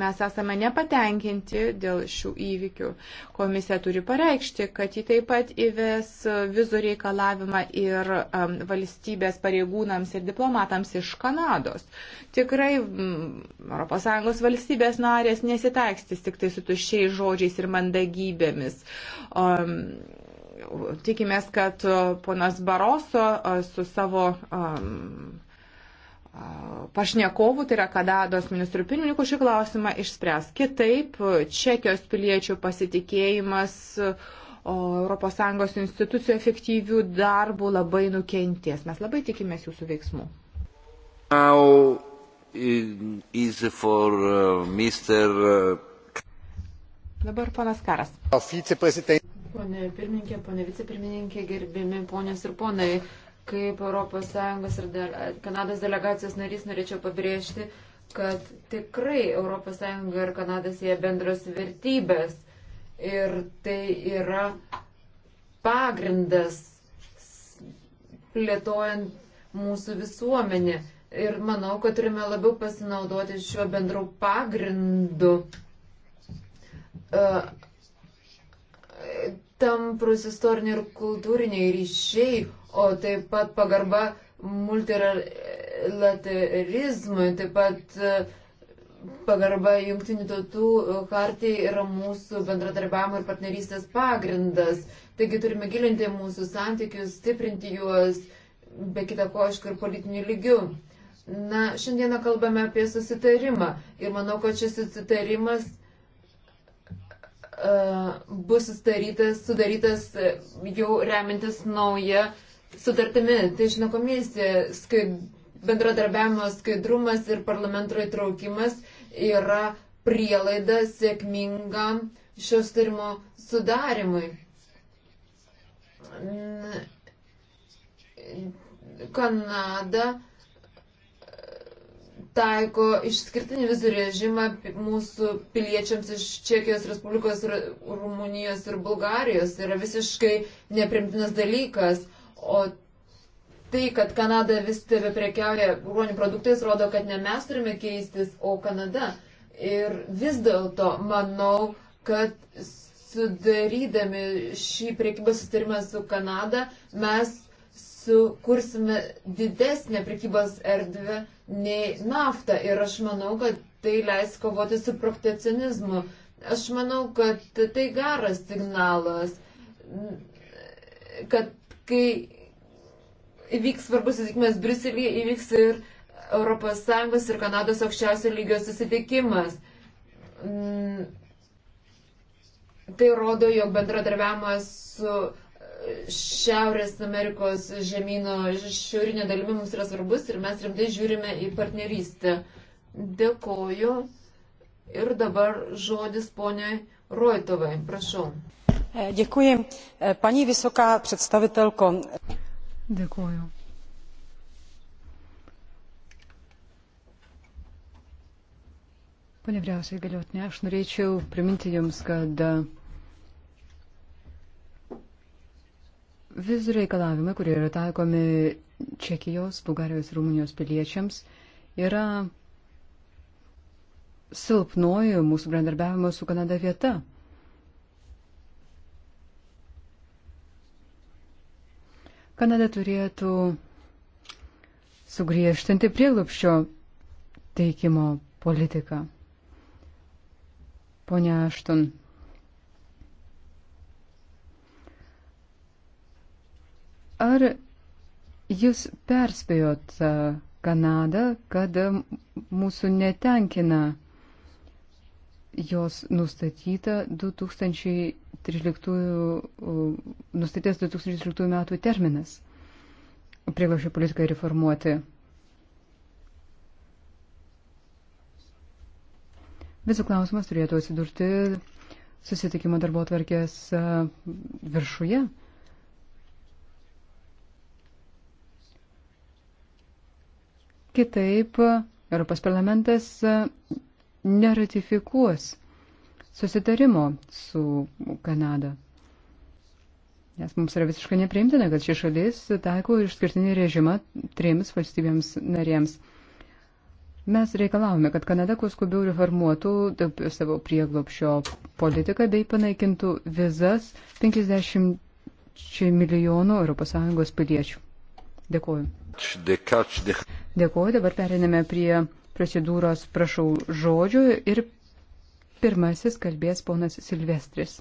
mes esame nepatenkinti dėl šių įvykių. Komisija turi pareikšti, kad ji taip pat įves vizų reikalavimą ir um, valstybės pareigūnams ir diplomatams iš Kanados. Tikrai mm, ES valstybės narės nesitaikstys tik tai su tuščiais žodžiais ir mandagybėmis. Um, tikimės, kad e, ponas Baroso e, su savo um, pašnekovų, tai yra Kadados ministrų pirmininkų, šį klausimą išspręs. Kitaip, e, Čekijos piliečių pasitikėjimas ES institucijų efektyvių darbų labai nukenties. Mes labai tikimės jūsų veiksmų. Now is for uh, Mr. Uh, Dabar panas Karas. Pone pirmininkė, pone vicepirmininkė, gerbimi ponios ir ponai, kaip ES ir de Kanados delegacijos narys norėčiau pabrėžti, kad tikrai ES ir Kanada sieja bendros vertybės ir tai yra pagrindas plėtojant mūsų visuomenį. Ir manau, kad turime labiau pasinaudoti šiuo bendru pagrindu. Uh, tamprus istoriniai ir kultūriniai ryšiai, o taip pat pagarba multilaterizmui, taip pat e, pagarba jungtinių tautų kartijai yra mūsų bendradarbiavimo ir partnerystės pagrindas. Taigi turime gilinti mūsų santykius, stiprinti juos, be kita ko, aišku, ir politinių lygių. Na, šiandieną kalbame apie susitarimą ir manau, kad šis susitarimas E, bus sudarytas, sudarytas e, jau remintis nauja sutartimi. Tai žino komisija, skaid, bendradarbiavimo skaidrumas ir parlamento įtraukimas yra prielaida sėkmingam šios tyrimo sudarimui. Kanada taiko išskirtinį vizų režimą mūsų piliečiams iš Čekijos Respublikos, Rumunijos ir Bulgarijos. Tai yra visiškai neprimtinas dalykas. O tai, kad Kanada vis tebe prekiauja ruonių produktais, rodo, kad ne mes turime keistis, o Kanada. Ir vis dėlto manau, kad sudarydami šį priekybą sustarimą su Kanada, mes sukursime didesnę prekybos erdvę nei naftą. Ir aš manau, kad tai leis kovoti su protekcionizmu. Aš manau, kad tai geras signalas, kad kai įvyks svarbus susitikimas Briuselėje, įvyks ir ES ir Kanados aukščiausio lygio susitikimas. Mm, tai rodo, jog bendradarbiavimas su Šiaurės Amerikos žemynų šiaurinė dalimi mums yra svarbus ir mes rimtai žiūrime į partnerystę. Dėkoju. Ir dabar žodis poniai Roitovai. Prašau. E, děkuji. E, paní vysoká představitelko. Děkuji. Pane vyriausiai galiotinė, aš norėčiau priminti Jums, kad Vizų reikalavimai, kurie yra taikomi Čekijos, Bulgarijos ir Rumunijos piliečiams, yra silpnoji mūsų bendarbiavimo su Kanada vieta. Kanada turėtų sugriežtinti prieglupščio teikimo politiką. Pone Aštun, Ar jūs perspėjot Kanadą, kad mūsų netenkina jos nustatyta 2013, nustatytas 2013 metų terminas prieglašio politikai reformuoti? Visų klausimas turėtų atsidurti susitikimo darbo tvarkės viršuje. Kitaip Europos parlamentas e, neratifikuos susitarimo su Kanada. Nes mums yra visiškai nepriimtina, kad ši šalis taiko išskirtinį režimą trims valstybėms narėms. Mes reikalavome, kad Kanada kuo skubiau reformuotų savo prieglopšio politiką bei panaikintų vizas 50 milijonų ES piliečių. Dėkuoju. Dėkuoju, dabar periname prie procedūros, prašau žodžių ir pirmasis kalbės ponas Silvestris.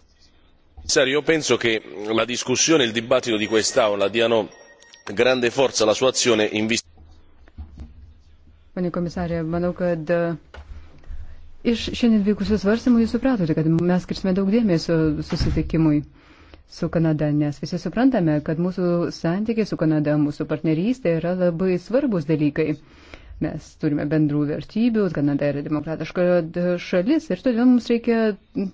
Io penso che la discussione e il dibattito di quest'Aula diano grande forza alla sua azione in vista. Pane komisarė, manau, kad e, iš šiandien vykusių svarstymų jūs supratote, kad mes skirsime daug dėmesio susitikimui su Kanada, nes visi suprantame, kad mūsų santykiai su Kanada, mūsų partnerystė yra labai svarbus dalykai. Mes turime bendrų vertybių, Kanada yra demokratiška šalis ir todėl mums reikia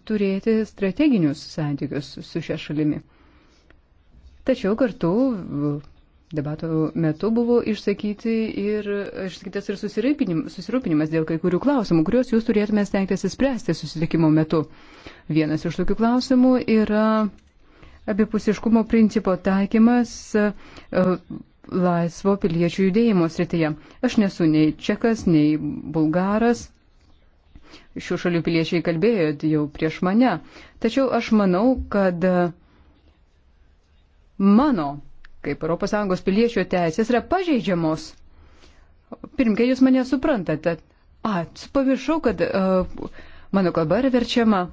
turėti strateginius santykius su šia šalimi. Tačiau kartu debato metu buvo išsakyti ir, išsakytas ir susirūpinimas dėl kai kurių klausimų, kuriuos jūs turėtume stengtis įspręsti susitikimo metu. Vienas iš tokių klausimų yra abipusiškumo principo taikymas e, laisvo piliečių judėjimo srityje. Aš nesu nei čekas, nei bulgaras. Šių šalių piliečiai kalbėjo jau prieš mane. Tačiau aš manau, kad mano, kaip ES piliečio teisės, yra pažeidžiamos. Pirmkai, jūs mane suprantate. A, pamiršau, kad uh, mano kalba yra verčiama.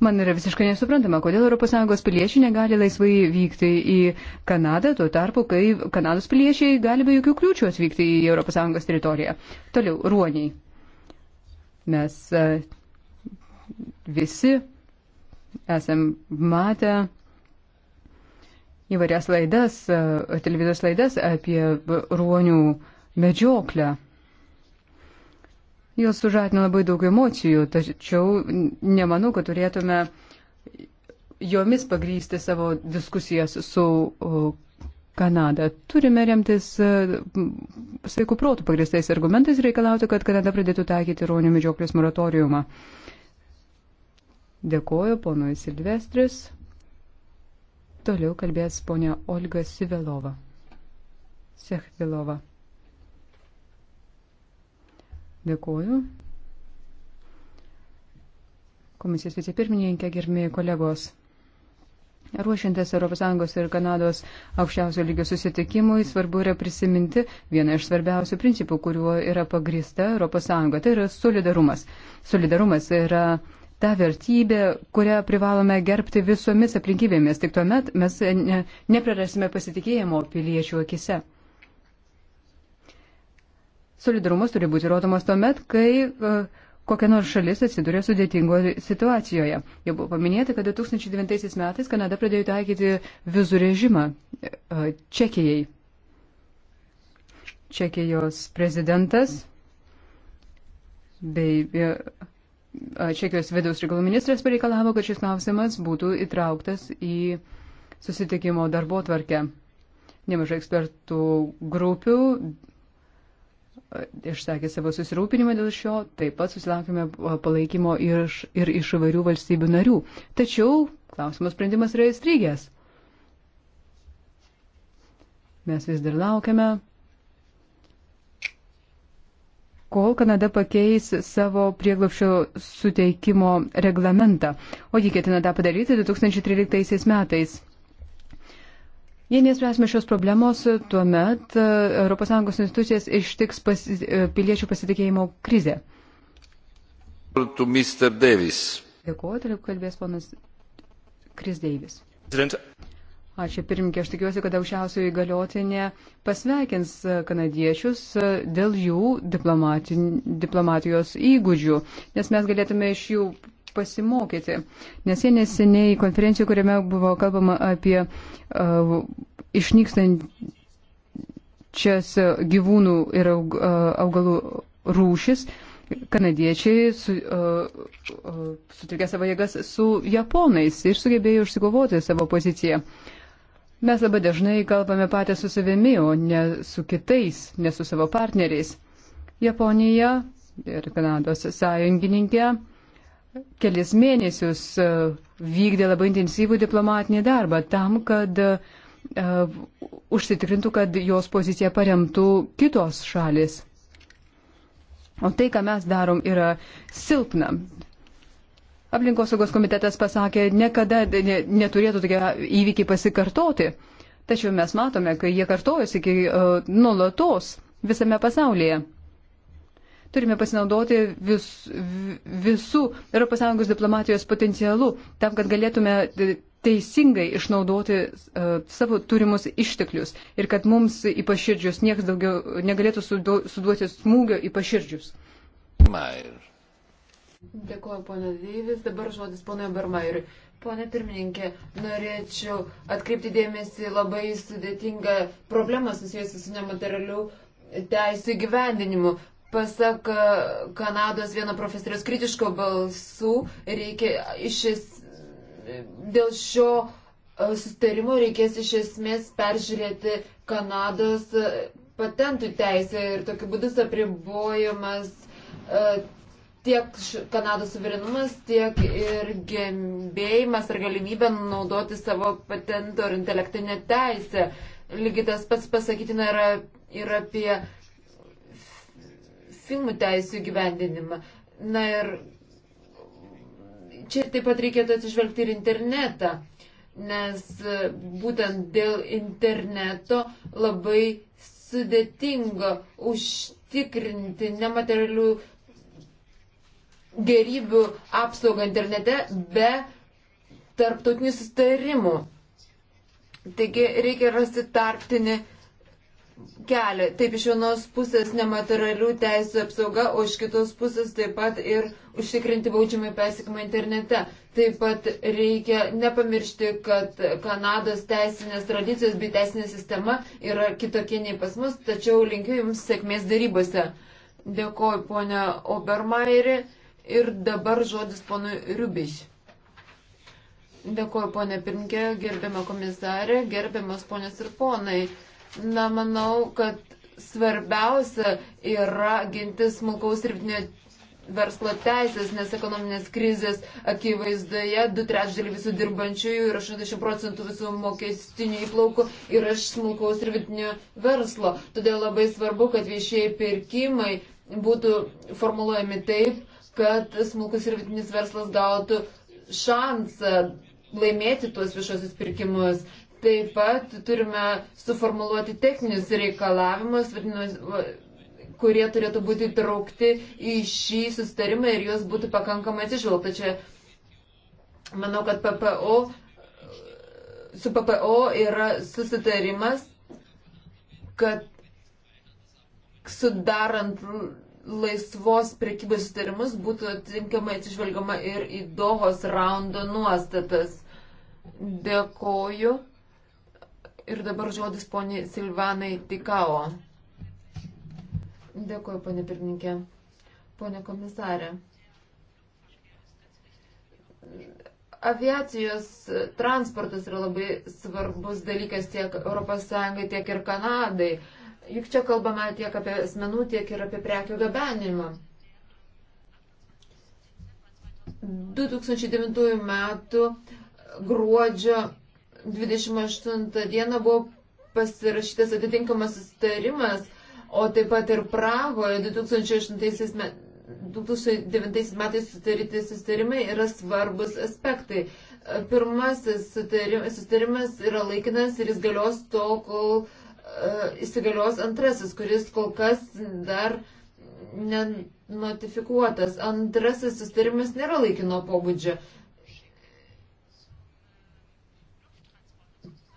Man yra visiškai nesuprantama, kodėl ES piliečiai negali laisvai vykti į Kanadą, tuo tarpu, kai Kanados piliečiai gali be jokių kliūčių atvykti į ES teritoriją. Toliau, ruoniai. Mes e, visi esam matę įvairias laidas, e, televizijos laidas apie ruonių medžioklę. Jos sužadina labai daug emocijų, tačiau nemanau, kad turėtume jomis pagrysti savo diskusijas su Kanada. Turime remtis e, sveikų protų pagristais argumentais ir reikalauti, kad Kanada pradėtų taikyti ronių medžioklės moratoriumą. Dėkoju ponui Silvestris. Toliau kalbės ponia Olga Sivelova. Sechvilova. Dėkuoju. Komisijos vicepirmininkė, gerbėjai kolegos. Ruošiantis ES ir Kanados aukščiausio lygio susitikimui, svarbu yra prisiminti vieną iš svarbiausių principų, kuriuo yra pagrįsta ES. Tai yra solidarumas. Solidarumas yra ta vertybė, kurią privalome gerbti visomis aplinkybėmis. Tik tuomet mes neprarasime pasitikėjimo piliečių akise solidarumas turi būti rodomas tuomet, kai e, kokia nors šalis atsiduria sudėtingoje situacijoje. Jau buvo paminėta, kad 2009 metais Kanada pradėjo taikyti vizų režimą e, Čekijai. Čekijos prezidentas bei e, Čekijos vidaus reikalų ministras pareikalavo, kad šis klausimas būtų įtrauktas į susitikimo darbo tvarkę. Nemažai ekspertų grupių išsakė savo susirūpinimą dėl šio, taip pat susilaukime palaikymo ir iš, ir iš įvairių valstybių narių. Tačiau klausimo sprendimas yra įstrygęs. Mes vis dar laukiame, kol Kanada pakeis savo prieglopšio suteikimo reglamentą, o jį ketina tą padaryti 2013 metais. Jei nespręsime šios problemos, tuomet ES institucijas ištiks pas, e, piliečių pasitikėjimo krizė. Dėkuoju, toliau kalbės ponas Kris Deivis. Ačiū pirmininkė, aš tikiuosi, kad aukščiausio įgaliotinė pasveikins e, kanadiečius e, dėl jų diplomatijos įgūdžių, nes mes galėtume iš jų pasimokyti. Nes jie neseniai konferencijoje, kuriame buvo kalbama apie uh, išnykstančias gyvūnų ir aug, uh, augalų rūšis, kanadiečiai su, uh, uh, sutrikė savo jėgas su japonais ir sugebėjo užsikovoti savo poziciją. Mes labai dažnai kalbame patys su savimi, o ne su kitais, ne su savo partneriais. Japonija ir Kanados sąjungininkė kelis mėnesius e, vykdė labai intensyvų diplomatinį darbą tam, kad uh, užsitikrintų, kad jos poziciją paremtų kitos šalis. O tai, ką mes darom, yra silpna. Aplinkosaugos komitetas pasakė, niekada ne, neturėtų tokie įvykiai pasikartoti. Tačiau mes matome, kai jie kartojasi iki uh, e, nulatos visame pasaulyje turime pasinaudoti vis, visų ES diplomatijos potencialų, tam, kad galėtume teisingai išnaudoti uh, savo turimus išteklius ir kad mums į paširdžius niekas daugiau negalėtų sudu, suduoti smūgio į paširdžius. Mair. Dėkuoju, ponė Deivis. Dabar žodis ponui Barmairiui. Pone pirmininkė, norėčiau atkreipti dėmesį labai sudėtingą problemą susijusią su nematerialiu teisų įgyvendinimu pasak e, Kanados vieno profesorius kritiško balsų, reikia iš es... dėl šio e, sustarimo reikės iš esmės peržiūrėti Kanados e, patentų teisę ir tokiu būdu apribojamas tiek Kanados suverenumas, tiek ir gebėjimas ar galimybė naudoti savo patento ar intelektinę teisę. Lygiai tas pats pasakytina yra ir apie filmų teisų gyvendinimą. Na ir čia taip pat reikėtų atsižvelgti ir internetą, nes e, būtent dėl interneto labai sudėtinga užtikrinti nematerialių gerybių apsaugą internete be tarptautinių sustarimų. Taigi reikia rasti tarptinį kelią. Taip, iš vienos pusės nematerialių teisų apsauga, o iš kitos pusės taip pat ir užtikrinti baudžiamą persikimą internete. Taip pat reikia nepamiršti, kad Kanados teisinės tradicijos bei teisinė sistema yra kitokie nei pas mus, tačiau linkiu Jums sėkmės darybose. Dėkoju, ponia Obermairi. Ir dabar žodis ponui Rubiš. Dėkoju, ponė Pirmke, gerbiama komisarė, gerbiamas ponės ir ponai. Na, manau, kad svarbiausia yra ginti smulkaus ir vidinio verslo teisės, nes ekonominės krizės akivaizdoje du trečdėlį visų dirbančiųjų ir 80 procentų visų mokestinių įplaukų yra iš smulkaus ir vidinio verslo. Todėl labai svarbu, kad viešieji pirkimai būtų formuluojami taip, kad smulkus ir vidinis verslas gautų šansą laimėti tuos viešosius pirkimus. Taip pat turime suformuluoti techninius reikalavimus, kurie turėtų būti traukti į šį sustarimą ir juos būtų pakankamai atsižvelgta. Čia manau, kad PPO, su PPO yra susitarimas, kad sudarant laisvos prekybos sutarimus būtų atinkamai atsižvelgiama ir į Dohos raundo nuostatas. Dėkoju. Ir dabar žodis poniai Silvanai Tikao. Dėkuoju, ponė pirmininkė. Pone komisarė. Aviacijos transportas yra labai svarbus dalykas tiek ES, tiek ir Kanadai. Juk čia kalbame tiek apie asmenų, tiek ir apie prekių gabenimą. 2009 metų gruodžio 28 dieną buvo pasirašytas atitinkamas sustarimas, o taip pat ir Pragoje 2008 metais. 2009 metais sudaryti sustarimai yra svarbus aspektai. Pirmasis sustarimas yra laikinas ir jis galios tol, kol uh, įsigalios antrasis, kuris kol kas dar nenotifikuotas. Antrasis sustarimas nėra laikino pobūdžio. Uh,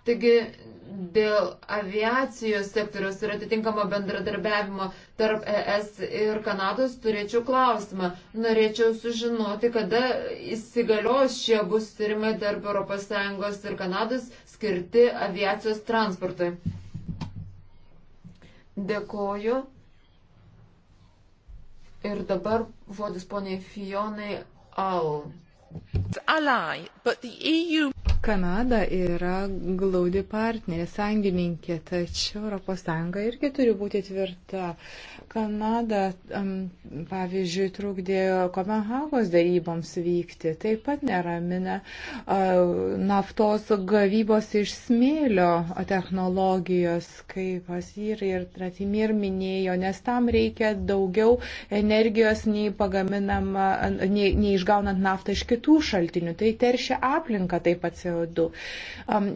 Taigi dėl aviacijos sektoriaus ir atitinkamo bendradarbiavimo tarp ES ir Kanados turėčiau klausimą. Norėčiau sužinoti, kada įsigalios šie bus tyrimai tarp ES ir Kanados skirti aviacijos transportui. Dėkoju. Ir dabar žodis poniai Fionai Al. Ally, but the EU Kanada yra glaudi partnerė, sąjungininkė, tačiau ES irgi turi būti tvirta. Kanada, pavyzdžiui, trukdė Kopenhagos daryboms vykti, taip pat neramina naftos gavybos iš smėlio technologijos, kaip pasir ir Tratimir minėjo, nes tam reikia daugiau energijos nei pagaminama, nei, nei išgaunant naftą iš kitų šaltinių. Tai teršia aplinką taip atsirado CO2. Um,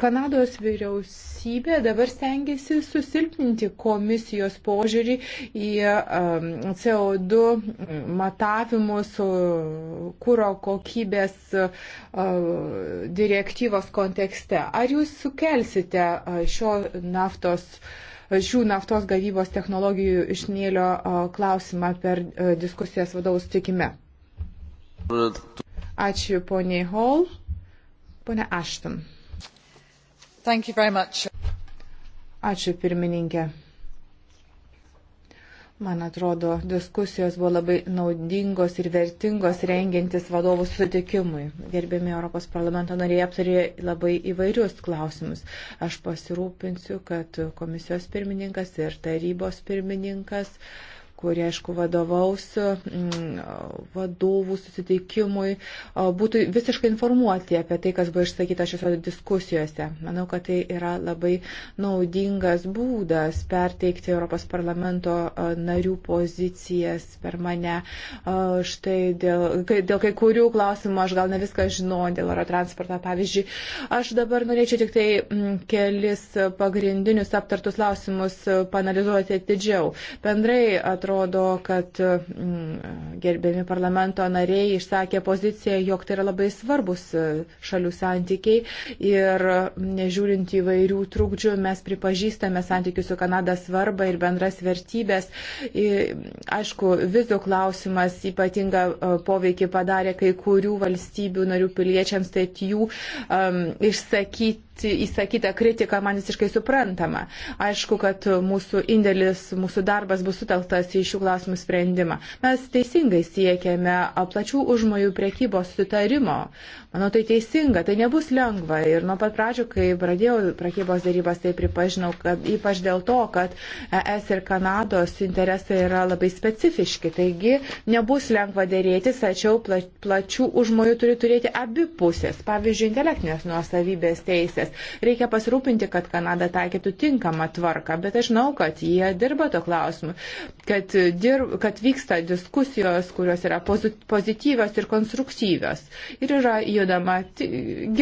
Kanados vyriausybė dabar stengiasi susilpninti komisijos požiūrį į um, CO2 matavimus kūro kokybės direktyvos kontekste. Ar jūs sukelsite šio naftos šių naftos gavybos technologijų išnėlio klausimą per diskusijas vadovus tikime. Ačiū poniai Hall. Pone Ashton. Ačiū pirmininkė. Man atrodo, diskusijos buvo labai naudingos ir vertingos rengiantis vadovų sutikimui. Gerbėmi Europos parlamento nariai aptarė labai įvairius klausimus. Aš pasirūpinsiu, kad komisijos pirmininkas ir tarybos pirmininkas uh, kurie, aišku, vadovaus mm, vadovų susitikimui, būtų visiškai informuoti apie tai, kas buvo išsakyta šiuose diskusijose. Manau, kad tai yra labai naudingas būdas perteikti Europos parlamento narių pozicijas per mane. Štai dėl, dėl kai kurių klausimų aš gal ne viską žinau, dėl oro transporto, pavyzdžiui. Aš dabar norėčiau tik tai mm, kelis pagrindinius aptartus klausimus panalizuoti atidžiau. Bendrai atrodo, atrodo, kad. Mm, gerbiami parlamento nariai išsakė poziciją, jog tai yra labai svarbus e, šalių santykiai ir nežiūrint įvairių trukdžių, mes pripažįstame santykių su Kanada svarbą ir bendras vertybės. Aišku, vizų klausimas ypatinga e, poveikį padarė kai kurių valstybių narių piliečiams, tai jų um, išsakyti įsakyta kritika man visiškai suprantama. Aišku, kad mūsų indėlis, mūsų darbas bus sutelktas į šių klausimų sprendimą. Mes teisingai vieningai siekiame plačių užmojų priekybos sutarimo, Manau, tai teisinga, tai nebus lengva. Ir nuo pat pradžių, kai pradėjau prekybos darybas, tai pripažinau, kad ypač dėl to, kad ES ir Kanados interesai yra labai specifiški. Taigi nebus lengva dėrėtis, tačiau plačių užmojų turi turėti abi pusės. Pavyzdžiui, intelektinės nuosavybės teisės. Reikia pasirūpinti, kad Kanada taikytų tinkamą tvarką, bet aš žinau, kad jie dirba to klausimu, kad, dirb, kad vyksta diskusijos, kurios yra pozityvios ir konstruktyvios. Ir yra jau judama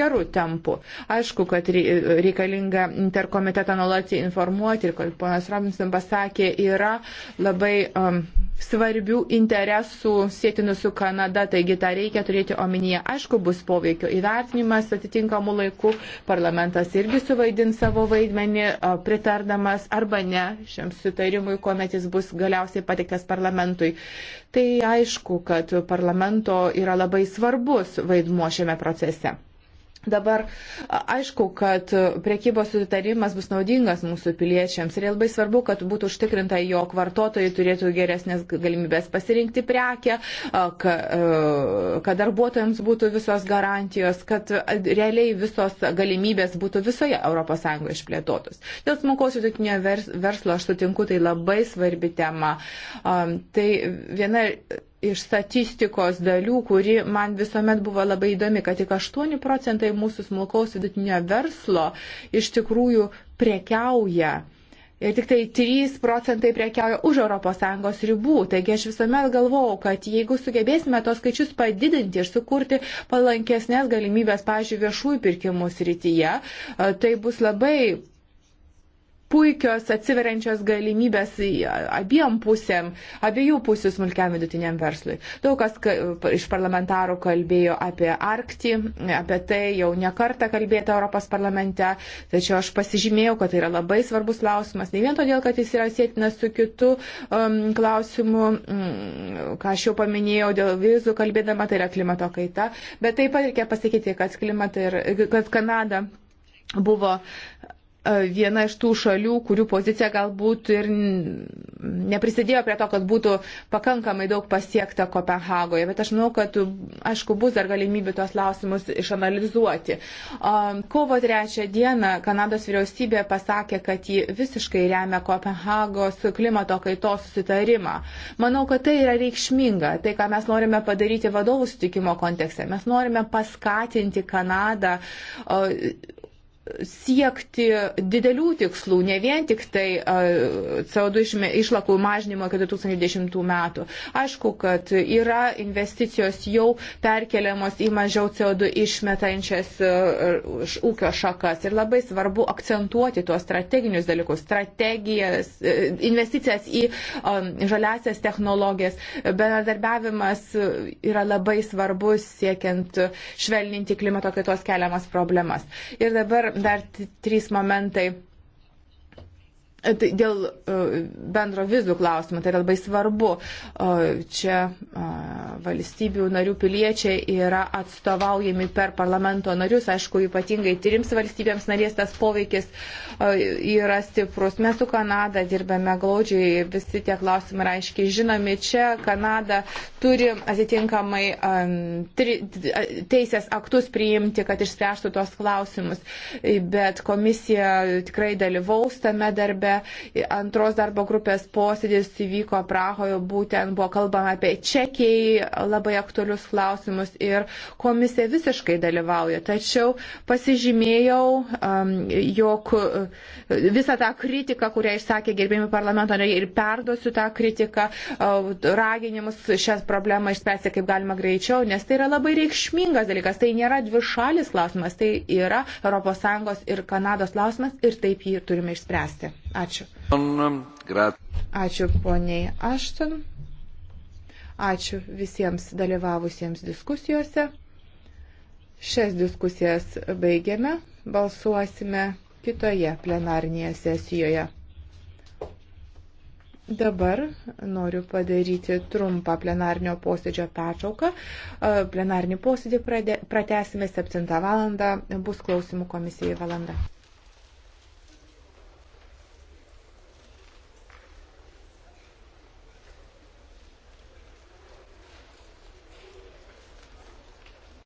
gerų tempų. Aišku, kad reikalinga interkomitetą nuolat informuoti ir, kaip ponas Robinson pasakė, yra labai um, svarbių interesų sėtinų su Kanada, taigi tą reikia turėti omenyje. Aišku, bus poveikio įvertinimas atitinkamų laikų, parlamentas irgi suvaidins savo vaidmenį, pritardamas arba ne šiam sutarimui, kuomet jis bus galiausiai patiktas parlamentui. Tai aišku, kad parlamento yra labai svarbus vaidmuo šiame procese. Dabar aišku, kad priekybos sutarimas bus naudingas mūsų piliečiams ir labai svarbu, kad būtų užtikrinta, jog vartotojai turėtų geresnės galimybės pasirinkti prekę, kad darbuotojams būtų visos garantijos, kad realiai visos galimybės būtų visoje ES išplėtotos. Dėl smulkaus vidutinio verslo aš sutinku, tai labai svarbi tema. Um, tai viena iš statistikos dalių, kuri man visuomet buvo labai įdomi, kad tik 8 procentai mūsų smulkaus vidutinio verslo iš tikrųjų prekiauja. Ir tik tai 3 procentai prekiauja už ES ribų. Taigi aš visuomet galvojau, kad jeigu sugebėsime tos skaičius padidinti ir sukurti palankesnės galimybės, pavyzdžiui, viešųjų pirkimų srityje, tai bus labai puikios atsiveriančios galimybės abiem pusėm, abiejų pusių smulkiam vidutiniam verslui. Daug kas iš parlamentarų kalbėjo apie Arktį, apie tai jau nekartą kalbėta Europos parlamente, tačiau aš pasižymėjau, kad tai yra labai svarbus klausimas, ne vien todėl, kad jis yra sėtinas su kitu um, klausimu, um, ką aš jau paminėjau dėl vizų kalbėdama, tai yra klimato kaita, bet taip pat reikia pasakyti, kad, ir, kad Kanada buvo viena iš tų šalių, kurių pozicija galbūt ir neprisidėjo prie to, kad būtų pakankamai daug pasiekta Kopenhagoje. Bet aš manau, kad, aišku, bus dar galimybė tuos klausimus išanalizuoti. Kovo trečią dieną Kanados vyriausybė pasakė, kad ji visiškai remia Kopenhagos klimato kaitos susitarimą. Manau, kad tai yra reikšminga. Tai, ką mes norime padaryti vadovų sutikimo kontekste. Mes norime paskatinti Kanadą siekti didelių tikslų, ne vien tik tai CO2 išlakų mažinimo iki 2010 metų. Aišku, kad yra investicijos jau perkeliamos į mažiau CO2 išmetančias ūkio šakas ir labai svarbu akcentuoti tuos strateginius dalykus, strategijas, e, investicijas į žaliasias technologijas. Bendradarbiavimas yra labai svarbus siekiant švelninti klimato kaitos keliamas problemas. Ir dabar dar trys momentai. E, tai dėl e, bendro vizų klausimo, tai yra labai svarbu. E, čia valstybių narių piliečiai yra atstovaujami per parlamento narius. Aišku, ypatingai trims valstybėms narės tas poveikis yra stiprus. Mes su Kanada dirbame glaudžiai, visi tie klausimai yra aiškiai žinomi. Čia Kanada turi atitinkamai tri, teisės aktus priimti, kad išspręstų tos klausimus. Bet komisija tikrai dalyvaus tame darbe grupę. Antros darbo grupės posėdis įvyko Prahoje, būtent buvo kalbama apie čekiai labai aktualius klausimus ir komisija visiškai dalyvauja. Tačiau pasižymėjau, um, jog uh, visą tą kritiką, kurią išsakė gerbėjami parlamento nariai ir perduosiu tą kritiką, uh, raginimus šią problemą išspręsti kaip galima greičiau, nes tai yra labai reikšmingas dalykas. Tai nėra dvišalis klausimas, tai yra ES ir Kanados klausimas ir taip jį turime išspręsti. Ačiū. Ačiū poniai Ašton. Ačiū visiems dalyvavusiems diskusijose. Šias diskusijas baigiame. Balsuosime kitoje plenarnėje sesijoje. Dabar noriu padaryti trumpą plenarnio posėdžio pertrauką. Plenarnį posėdį pratesime 7 val. bus klausimų komisijai valanda.